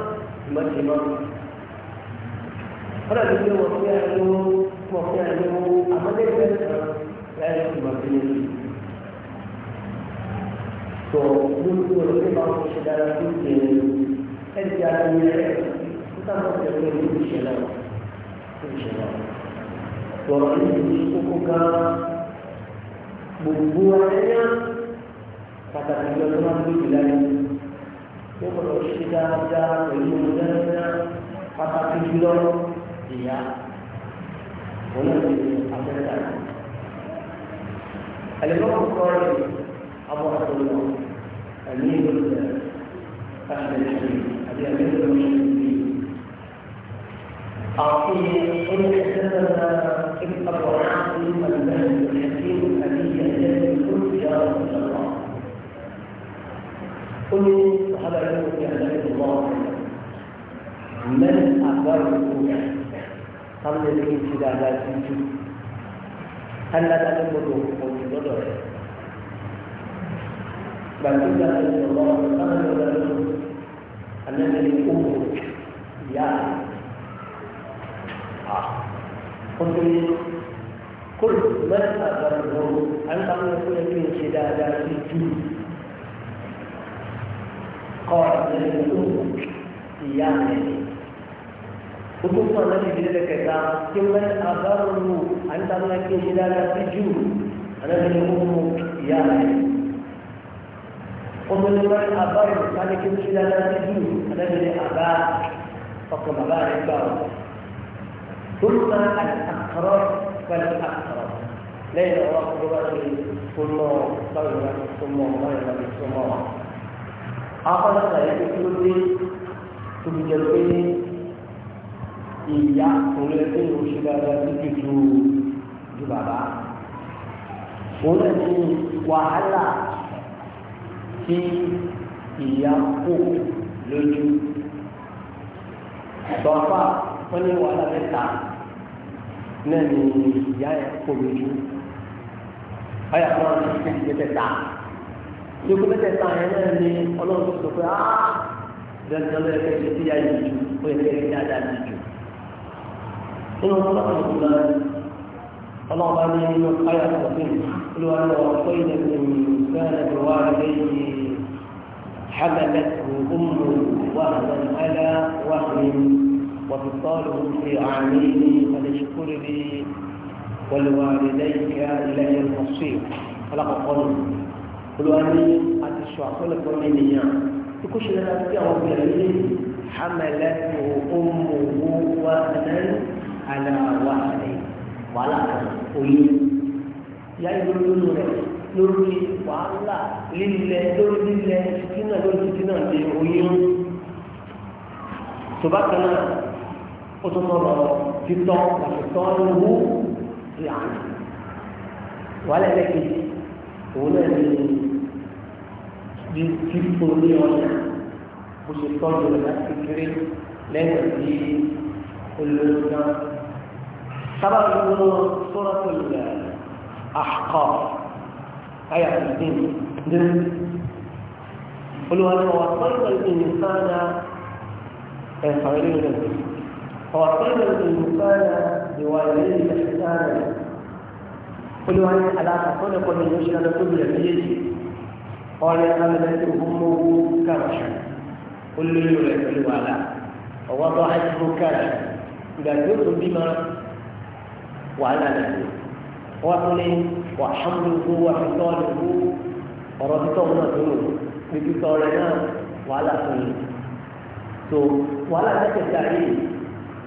ìmọ̀tì mọ́. wọ́n dàbí pé wọ́n fi àyẹ̀wò wọ́n fi àyẹ̀wò àmọ́lẹ́gbẹ̀ẹ́ kan láyé ìmọ̀tì ní ìlú. tó gbogbo ọ̀rọ̀ pé báwo ṣe dára tó ṣe é ẹ̀dí àti ẹ̀rẹ́ kó sábà ṣe pé ní ìṣẹ̀lẹ̀ ìṣẹ̀lẹ̀ tọ̀rọ̀ ní ìlú kókó gan gbogbo ayẹyẹ pàtàkì lọ tó máa ń gbèjì láyé yóò gbọdọ̀ ṣe dáadáa pẹ̀lú ọ̀dẹ́rẹ́dẹ́ pàtàkì jùlọ ìyá olóòtú afẹ́dá. ẹ̀lẹ́gbọ́n kọ́ọ̀rọ̀ abọ́ àtọ́lọ́ ẹ̀mí ìlúlẹ̀ káṣílẹ̀ṣẹ̀ àbí ẹ̀mí ìlúlẹ̀ أعطيه إن حسبنا إن أطعنا من الحكيم قل هذا يقول يا نبي الله من أخبركم قال الذي ابتدى لا تنجو هل لا تنبغوا قول الرجل بل إذا الله قال الرجل أنني أمك يا قلت قل من أخبركم أن قال الذي في لا تنجو قال ìyá rẹ̀ gbogbo fún àwọn ẹbí ìdílé kẹta kí wọn abáwọn mú àyíkáwọn ẹbí ìdílé ara sí jù ànábi ni wọn mú ìyá rẹ̀ wọn ní wọn abáwọn ìdílé kí wọn ìdílé ara sí jù ànábi ni àbá ọkọ bàbá rẹ̀ gbà wọn. ثم الأقرب فالأقرب ليلة وقت ثم afọlọ sàlẹ kékeré dé tóbi jẹ pé ìyá òun lè fi oṣù dáadáa sí tuntun ju bàbá òun lè ní wàhálà tí ìyá kò lójú ini wọn ní wàhálà mẹ́ta náà ní ìyá yẹn ní kó mẹ́tẹ̀ẹ̀ta yẹn náà ni ọlọ́run tó sọ pé áá dandan lọ́yẹ̀ kẹ́ ṣe síyá yìí ju ó yẹ kẹ́ ṣe dáadáa yìí ju. nínú ọlọ́run tó lọ ọlọ́run bá ní inú káyà sọ̀tún olúwa ní ọ̀rọ̀ pé ilẹ̀ tó ń fẹ́rẹ̀ lọ wá lẹ́yìn حملته أمه وهنا على وهن وفصاله في عامين فليشكر لي ولوالديك إلي المصير خلق قلبي olùwà ní àti sọ àkọlẹ̀kọ́ lé nìyàn tí kò ṣe lẹ́nu àti àwọn obìnrin ní hamẹ̀lẹ́ tó ọmọ owó wa nẹ́nu aláwa rẹ̀ wàhálà kan oyún ìyá ìgbóni rẹ̀ lórí wàhálà lílẹ̀ lórí lílẹ̀ títínà lórí títínà dé oyún tó kan náà ó tó sọ̀rọ̀ títọ́ àtìtọ́ lówó ìyá wàhálà ẹlẹ́kejì òun náà ní. bí kíkó ní ọjà bó ṣe tọ́jú rẹ̀ láti kéré lẹ́yìn tí olóyún náà. sábà nínú suratul Ahqaf ayà ìdín dín olùwàlú ọ̀sán ìsàn ẹ̀fà ilé rẹ̀ ọ̀sán ìsàn ìwà ilé ìfẹ̀sán rẹ̀ olùwàlú aláàfọ̀ tó lẹ́kọ̀ọ́ ní oṣù náà tó bìrẹ̀ méjèèjì. ọ̀rẹ́ alẹ́ tó ń mú owó kàrọ̀ṣà ó lóyún rẹ̀ pẹ̀lú wàhálà ọ̀wọ́ bá àìsàn ó kàrọ̀ṣà ìgbà tó tó bímọ wàhálà rẹ̀ wọ́n tún ní wàhámúlùkú wàhítọ́ọ̀lùkú ọ̀rọ̀ títọ́ náà tó lò ní títọ́ rẹ̀ náà wàhálà tó lò tó wàhálà tẹ́tẹ̀tẹ̀ ayé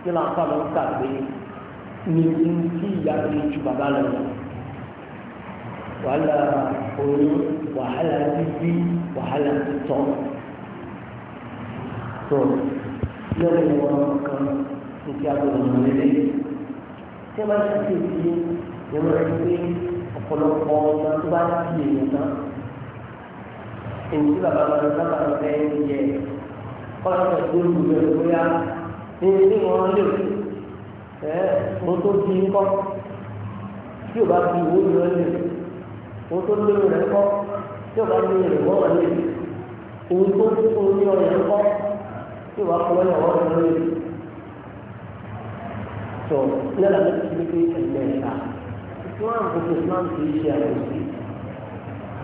kí ló ń fa ló ní ní tí ìyá tó lè ju bàbá lọ wàhálà oyún wàhálà bíbí wàhálà títọ́ tó lórí wọn kan ní kí a gbọ́dọ̀ mọ̀ lélẹ̀ tí a bá ti ṣe ìdílé ìwọ ẹni pé ọ̀pọ̀lọpọ̀ ọmọ tó bá ti èèyàn náà èyí tí bàbá wọn sábà ń fẹ́ yẹ kọ́lá tó gbé olùgbé bóyá ní ilé wọn lè ẹ mo tó di ńkọ́ tí o bá fi owó lọ lè mo tó lé rẹ̀ kọ́ tí bá ní èrè wọ́n wà ní tó ń fún ní ọ̀yà ń kọ́ bá fún ọ̀yà wọ́n wà ní èrè ní ti ní pé ẹ̀mẹ́ ẹ̀ka Islam kò tó Islam kì í ṣe àyẹ̀wò sí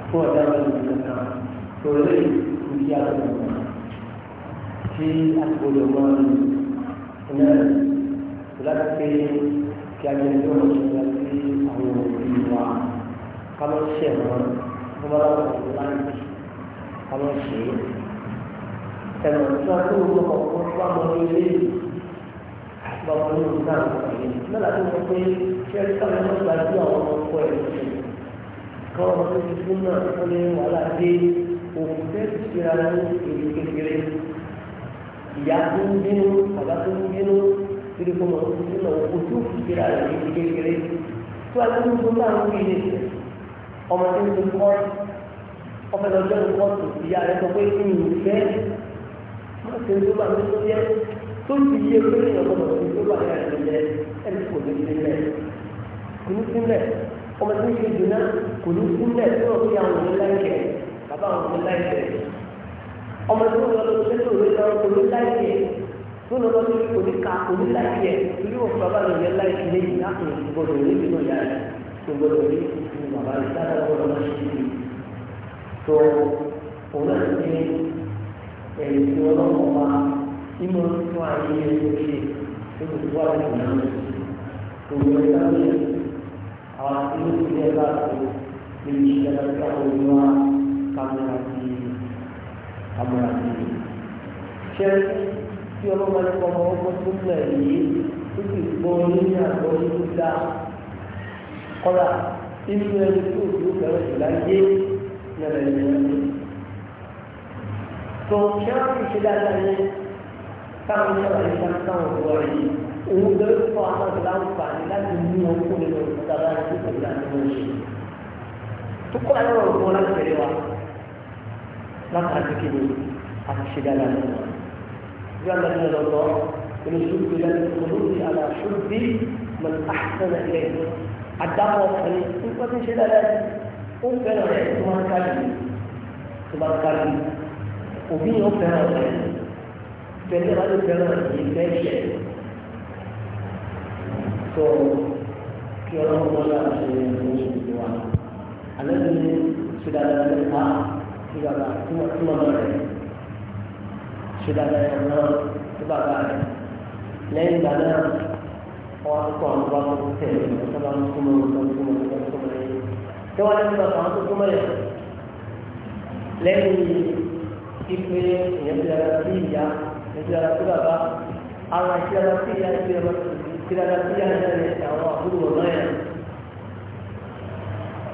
fún ọ̀dà ìlú kankan tó lè kú sí àgbẹ̀wò náà tí àtìkò lè mọ́ ní ẹ̀mẹ́ láti pé kí a jẹ́ ní ọ̀ṣun láti àwọn òbí wa ká lọ́ ṣẹ̀ tó ìyá tó ń bínú bàbá tó ń bínú tìrìkọ́mọ̀ tó ń bínú òkú tó fi ṣe ara ní tó a ti ń gbọ́ náà ń bí ilé ìṣẹ̀lẹ̀ ọmọ tó ń lo kọ́ọ̀tù ọmọ lọ lẹ́nu kọ́ọ̀tù ìyá rẹ̀ sọ pé mi ò fẹ́ má ṣe ń lóba mi tó yẹ tó ń ti yé pé èèyàn gbọdọ̀ fi lóba rẹ̀ rẹ̀ lẹ ẹni kò ní sílẹ̀ kò ní sílẹ̀ ọmọ tó ń ṣe jù náà kò ní sílẹ̀ tí wọ́n fi àwọn òní láìkẹ̀ bàbá àwọn òní láìkẹ̀ ọmọ tó ń lọ lọ sí ẹjọ́ òní lọ kò ní láìkẹ̀ tó lọ lọ sí òní ká kò ní láìkẹ̀ torí òfin bàbá rẹ̀ láìkẹ̀ lẹ́yìn láàpọ̀ ìgbọdọ̀ òní bàbá rẹ̀ dáadáa gbọ́dọ̀ máa ṣe kiri tó òun náà ní ẹ̀yìn tí wọ́n lọ́wọ́ máa nínú fún ayé lókè tó kò tó wà lẹ́yìn náà tó wọ́n ẹ̀ka lé àwọn àti ló ti lẹ́yìn láti lè ṣe dáadáa sí àwọn oníwà kámẹ́rà sí kámẹ́rà sí ṣẹ́ tí ọlọ́mọ ẹ̀kọ́ ọmọ ọgbọ́n tó ń lẹ̀ yìí tó inú ẹni tó dúró fẹ́rẹ̀ jù láyé lẹ́rẹ̀ ní ẹni. tó ṣé wọ́n fi ṣe dáadáa yẹn káwọn yàrá yìí bá ń káwọn ọ̀rọ̀ rẹ̀ yìí òun ló ń fọ aláàbò láǹfààní láti mú wọn kó nínú ìfọ̀tà láti tó kò láti wọ́n ṣe. tó kọ́ àwọn ọ̀rọ̀ wọn láti tẹ̀lé wa láǹfààní kìíní àti ṣe dáadáa yẹn wọn. bí wọ́n lọ́ọ́ lọ́ọ́ lọ́ọ́ ìlú ṣùgbọ́n ìlú ṣùgbọ́n ìlú ṣùgbọ́n àdámọ̀ ọkùnrin nípa tí ń ṣe dáadáa ó fẹ́ràn rẹ̀ tó máa ń kárí tó máa ń kárí òbí yẹn ó fẹ́ràn rẹ̀ pẹ̀lú ìwádìí ó fẹ́ràn ìfẹ́ ìṣẹ̀ tó kí ọlọ́run wọn náà ṣe ní ìlú wa alẹ́ ní ṣe dáadáa ní pa kí bàbá tí wọ́n náà rẹ̀ ṣe dáadáa ní ọ̀nà tí bàbá rẹ̀ lẹ́yìn ìgbà náà. और कौन बात से सलाम कुमार कुमार कुमार तो वाले में बताऊं तो कुमार लेकिन इसमें ये जरासी या ये जरासी बाबा आला जरासी या ये जरासी या ये चावा गुरु होना है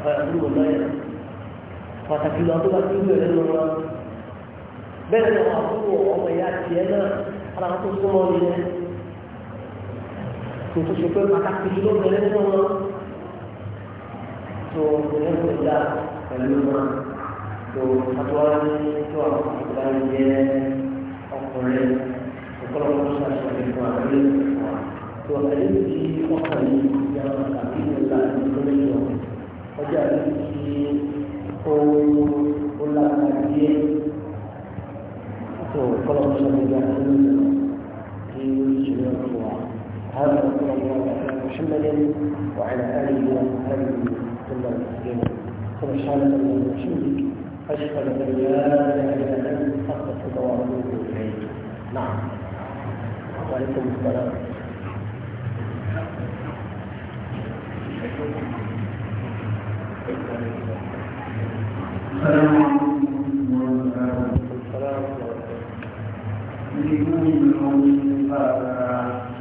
गुरु होना है pàtàkì lọ tó bá ti ń bẹ̀rẹ̀ lọ́wọ́ bẹ́ẹ̀ ni àwọn àbúrò ọmọ ìyá tiẹ̀ náà ara tó súnmọ́ ni tó tó ṣe pé pàtàkì ló bẹ̀rẹ̀ fún wọn tó bẹ̀rẹ̀ fún ìlà pẹ̀lú wọn tó àtúwárá ní tó àwọn àgbà ń jẹ ọkùnrin ọ̀pọ̀lọpọ̀ ṣàṣọ ìfọ̀ àgbẹ̀ tó ẹni tí ọkàn yìí yà wọn àbí ìlà ìgbẹ́lẹ̀ yọ ọjà yìí tí ohun ó lágbára díẹ̀ tó ọ̀pọ̀lọpọ̀ هذا صلى الله على محمد وعلى آله وأصحابه ثم المسلمين سبحانك اللهم وبحمدك أشهد أن لا إله إلا أنت أستغفرك وأتوب إليك نعم وعليكم السلام السلام عليكم ورحمة الله وبركاته. bàbá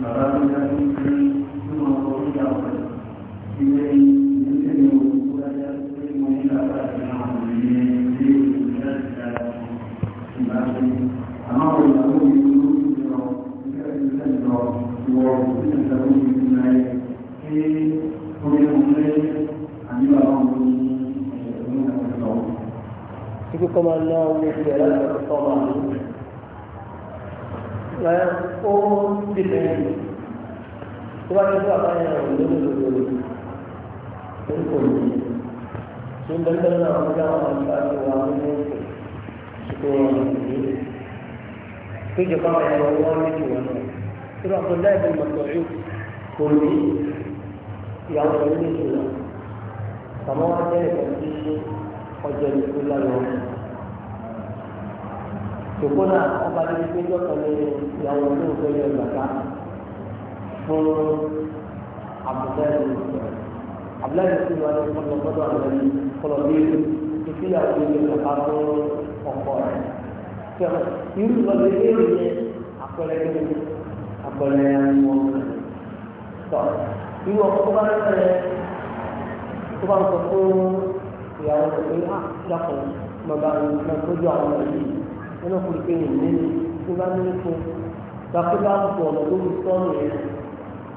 bàbá tó dá sí pé tó mọ̀ ọ́ tó yà ilé yìí. sun ọba ní pé jọ́kọ̀ ní ìyàwó ní òkè yẹn fún عبد الله بن مسعود عبد الله بن مسعود صلى الله عليه وسلم قلبي كثير أقول لك قاتل أخوان يريد غيره أقول لك أقول لك irú ọkọ bá ń tẹ tó bá ń sọ fún ìyàwó rẹ pé á dàpọ̀ màbá nǹkan tójú àwọn ọmọ yìí wọn náà kò rí pé nìyí ní bá ní fún gbàgbé bá ń bọ̀ ọ̀nà tó fi sọ́ọ̀nù yẹn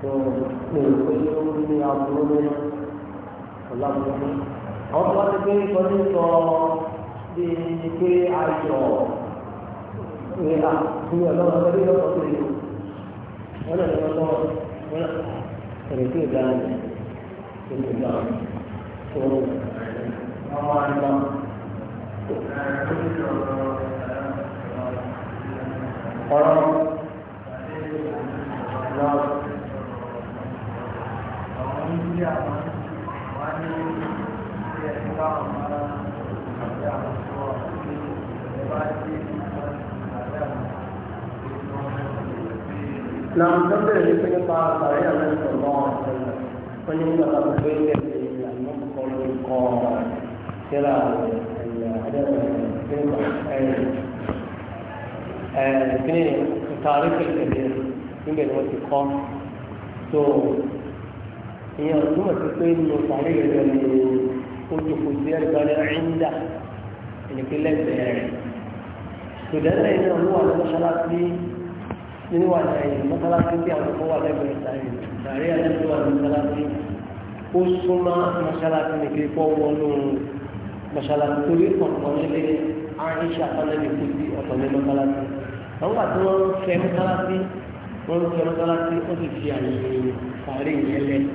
tó ní ìpínlẹ̀ orí ní àbúrò lórí ọ̀làbùrù. àwọn tó wá ti gbé ìkọ́jú sọ bí pé ayọ̀ pé à ní ọlọ́run ọ̀gá bí lọ́kọ̀ tó yẹ wọ́n lè lọ́kọ̀ wọ́n lè rè tó ìdára rẹ̀ tó ìdára tó ọmọ àgbà. Ọ̀rọ̀ náà bí àwọn wà ní ilé ẹ̀sìn báwọn máa àti àwọn tó wà sí ẹ̀bá sí Nam tọ́lẹ̀ ní pé nípa àtàrí àmẹ́sọ̀ lọ́wọ́ ọ̀sẹ̀lẹ̀ tó ní gbàgbà gbogbo ilé ẹ̀sìn ìlànà kọ́ ló ń kọ́ síra ẹ̀yà ẹ̀yà ẹ̀ẹ́dẹ́gbẹ̀rún ẹ̀ẹ́dẹ́gbẹ̀rún tààrí pẹ̀lú ẹ̀dẹ́ nígbà tí wọ́n ti kọ́ tó ìyẹn ọdún àti pé nínú sàárè rẹ ni ó ti kò sí ẹgbẹ́ rẹ ẹ̀ńdà ìpínlẹ̀ bẹ̀rẹ̀ tòdẹ́lẹ̀ iná ló wà ní mọ́ṣáláṣí nínú wà ní mọ́ṣáláṣí tí àwọn kan wà lẹ́gbẹ̀ẹ́ sàárè sàárè àti wà ní mọ́ṣáláṣí ó súnmọ́ mọ́ṣáláṣí ní kí pọ́ wọnú mọ́ṣáláṣí torí ọ̀pọ̀ nílé àìṣà kálẹ̀lẹ̀ kú sí ọ̀pọ̀ ní mọ́ṣáláṣí àwọn àti wọ́n fẹ́ mọ́ṣáláṣí wọ́n fẹ́ mọ́ṣáláṣí ó sì fi àyè sàárè yẹn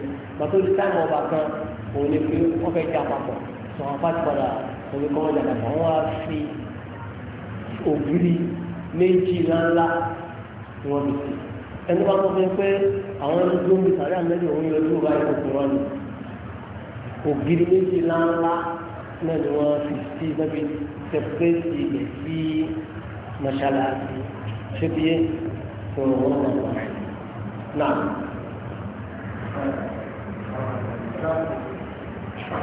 pàtó ní táìmù ọba kan òun ni pé wọ́n fẹ́ já papọ̀ sọ wọn bá ti padà òun kọ́ wọn dàgbà wọn wá fi ògiri méjì ńláńlá ni wọ́n fi sí ẹni bá wọ́n fi pé àwọn ẹni tó ń bi sàrí àmẹ́lì òun yóò tó bá ẹ̀kọ́ kúrọ́ ni ògiri méjì ńláńlá náà ni wọ́n fi sí lẹ́bi sẹ́pẹ́tì ilẹ̀ sí mọ́ṣáláṣí ṣé bí yé tó wọ́n náà wà náà. Nàà nípa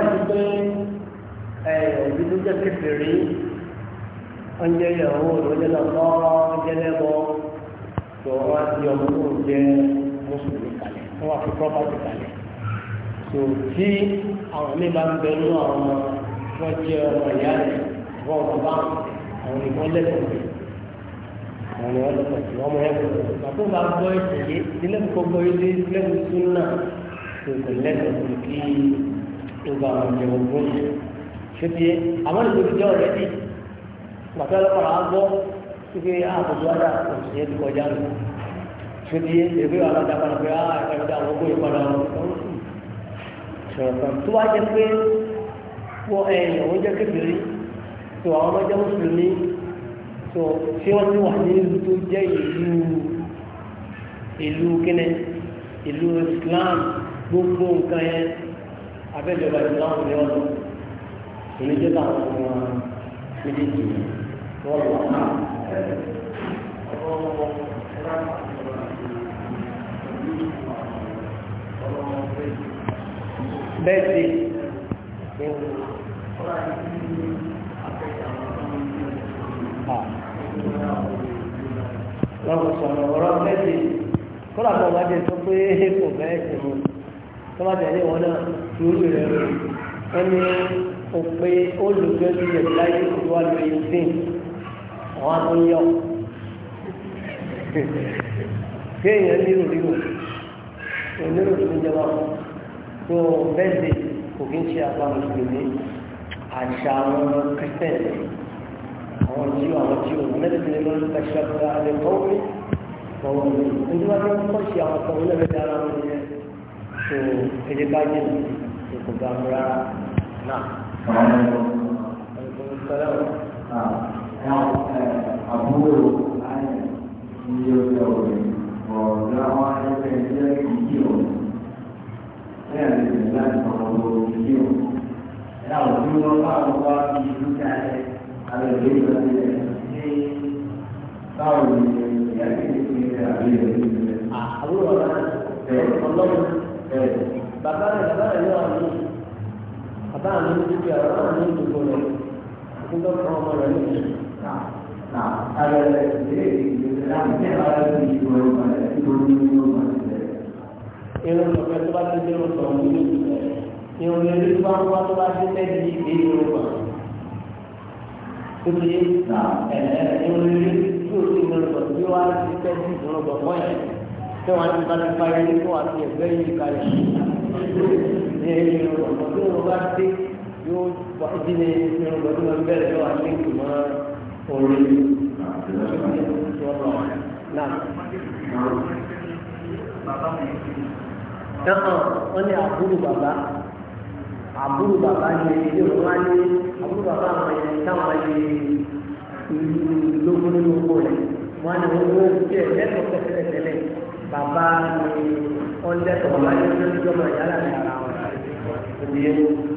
yìí pé ẹ̀ẹ́dì tó jẹ́ kékeré wọ́n jẹ́ ìyàwó ìrọ̀jẹ́ lọ́kọ́ jẹ́ lẹ́bọ̀ tó wọ́n ti ọmọ tó ń jẹ́ mùsùlùmí kalẹ̀ wọ́n wá fi property kalẹ̀ tó tí àwọn mi bá ń bẹ nínú àwọn ọmọ wọ́n jẹ́ ọmọ ìyá rẹ̀ wọ́n bàbá àwọn ìwọ́n lẹ́kọ̀ọ́ àwọn ìwọ́n lẹ́kọ̀ọ́ sí ọmọ yẹn kò tó bá gbọ́ ẹ̀sìn yé nílẹ̀ kó gbọ́ ilé lẹ́kùn sún náà tó kò lẹ́kọ̀ọ́ sí kí ó bá wọn jẹ ogún ṣé ti àmọ́ ìgbòkìjọ́ rẹ̀ dì gbàtọ́ ọlọ́pàá máa ń gbọ́ síbi àbùdó àdá òṣìṣẹ́ ti kọjá lọ ṣùgbọ́n iye èwe àwọn àdàpà náà pé á ẹ̀ka àwọn owó ìpadà ọ̀rọ̀ tó wá jẹ pé wọ́n ẹ̀yìn òun jẹ́ kékeré tó àwọn ọmọ jẹ́ mùsùlùmí tó ṣé wọ́n ti wà ní ìlú tó jẹ́ ìlú ìlú kíní ìlú Islam gbogbo nǹkan yẹn abẹ́jọba Islam ní ọdún ìlú jẹ́ bá àwọn ọmọ méjèèjì yẹn bẹ́ẹ̀ ah. lọ́wọ́ sọ̀rọ̀ ọ̀rọ̀ bẹ́ẹ̀ sí kọ́lá tó jẹ́ tó pé kò bẹ́ẹ̀ sí tó bá tẹ̀lé wọn náà tí ó lè rẹ̀ ẹni òpè olùgbé ti jẹ̀ láyé ìwádìí ìsìn àwọn àtúnyọ kéèyàn nírò rírò onírò tó ń jẹba tó bẹ́ẹ̀dẹ̀ kò kí ń ṣe àpá mùsùlùmí àṣà àwọn kẹsẹ̀lẹ̀ àwọn tí àwọn tí ò mẹ́tẹ̀ẹ̀tẹ̀ ní lọ́dún kẹsàkọ́ alẹ́ kọ́wé ọ̀wọ́ mi ojú wa ní kọ́ ṣe àwọn kan olóòrè dára wọn ni ẹ tó ẹjẹ bá jẹ kò bá rárá náà. Àwọn ọmọ ọmọ àbúrò láyé ní ọjọ́ rẹ̀ ọ̀rọ̀ àwọn ẹgbẹ́ ẹgbẹ́ ìdí ọ̀ bẹ́ẹ̀ lè rìn láti ọ̀rọ̀ ìdí ọ̀ ẹ̀yà òbí wọn bá wọn wá bí ìlú jáde àlejò ìgbàlẹ̀ ní báwo ni ìyá kékeré rẹ̀ àbí rẹ̀ ní ìlú rẹ̀. àbúrò ọ̀la bẹ́ẹ̀ ọlọ́run bẹ́ẹ̀ bàbá rẹ̀ bàbá rẹ̀ yóò wà ní bàbá mi ní dúkìá bàbá mi ní dúkìá rẹ̀ kó lọ́kàn ọmọ rẹ̀ ní ìlú. Nah, ada sendiri, nanti ada di dua rumah, di dua rumah. Irú ọ̀pẹ tó bá ti dérò sọ̀rọ̀ nínú ìgbẹ́. Irú ilé tó bá ń wá tó bá ti tẹ́ di ìdí Yorùbá. Tó ti irú ilé tí ó ti dérò sọ̀rọ̀ tí wá ti tẹ́ di ìdí Yorùbá mọ́ ẹ̀. Tí wọ́n ti bá ti parí ní fún àti ẹ̀gbẹ́ yìí kalẹ̀. Ní ẹ̀yìn Yorùbá tó ń bá dé yóò wá ìdílé Yorùbá tó ń bẹ̀rẹ̀ lọ́wọ́ àti ìgbìmọ̀ orí náà. Ẹ̀hàn wọ́n ní àbúrò bàbá. Àbúrò bàbá ní ilé òun wá ní àbúrò bàbá àwọn ẹ̀yẹ táwọn ẹ̀yẹ lógún nínú owó rẹ̀. Wọ́n á ní owó díẹ̀ lẹ́tọ̀ọ́ tẹ́lẹ̀tẹ́lẹ̀. Bàbá ni ọ̀ndẹ́tọ̀ bàbá ní ọjọ́ ìjọba ìyára ní ara wọn.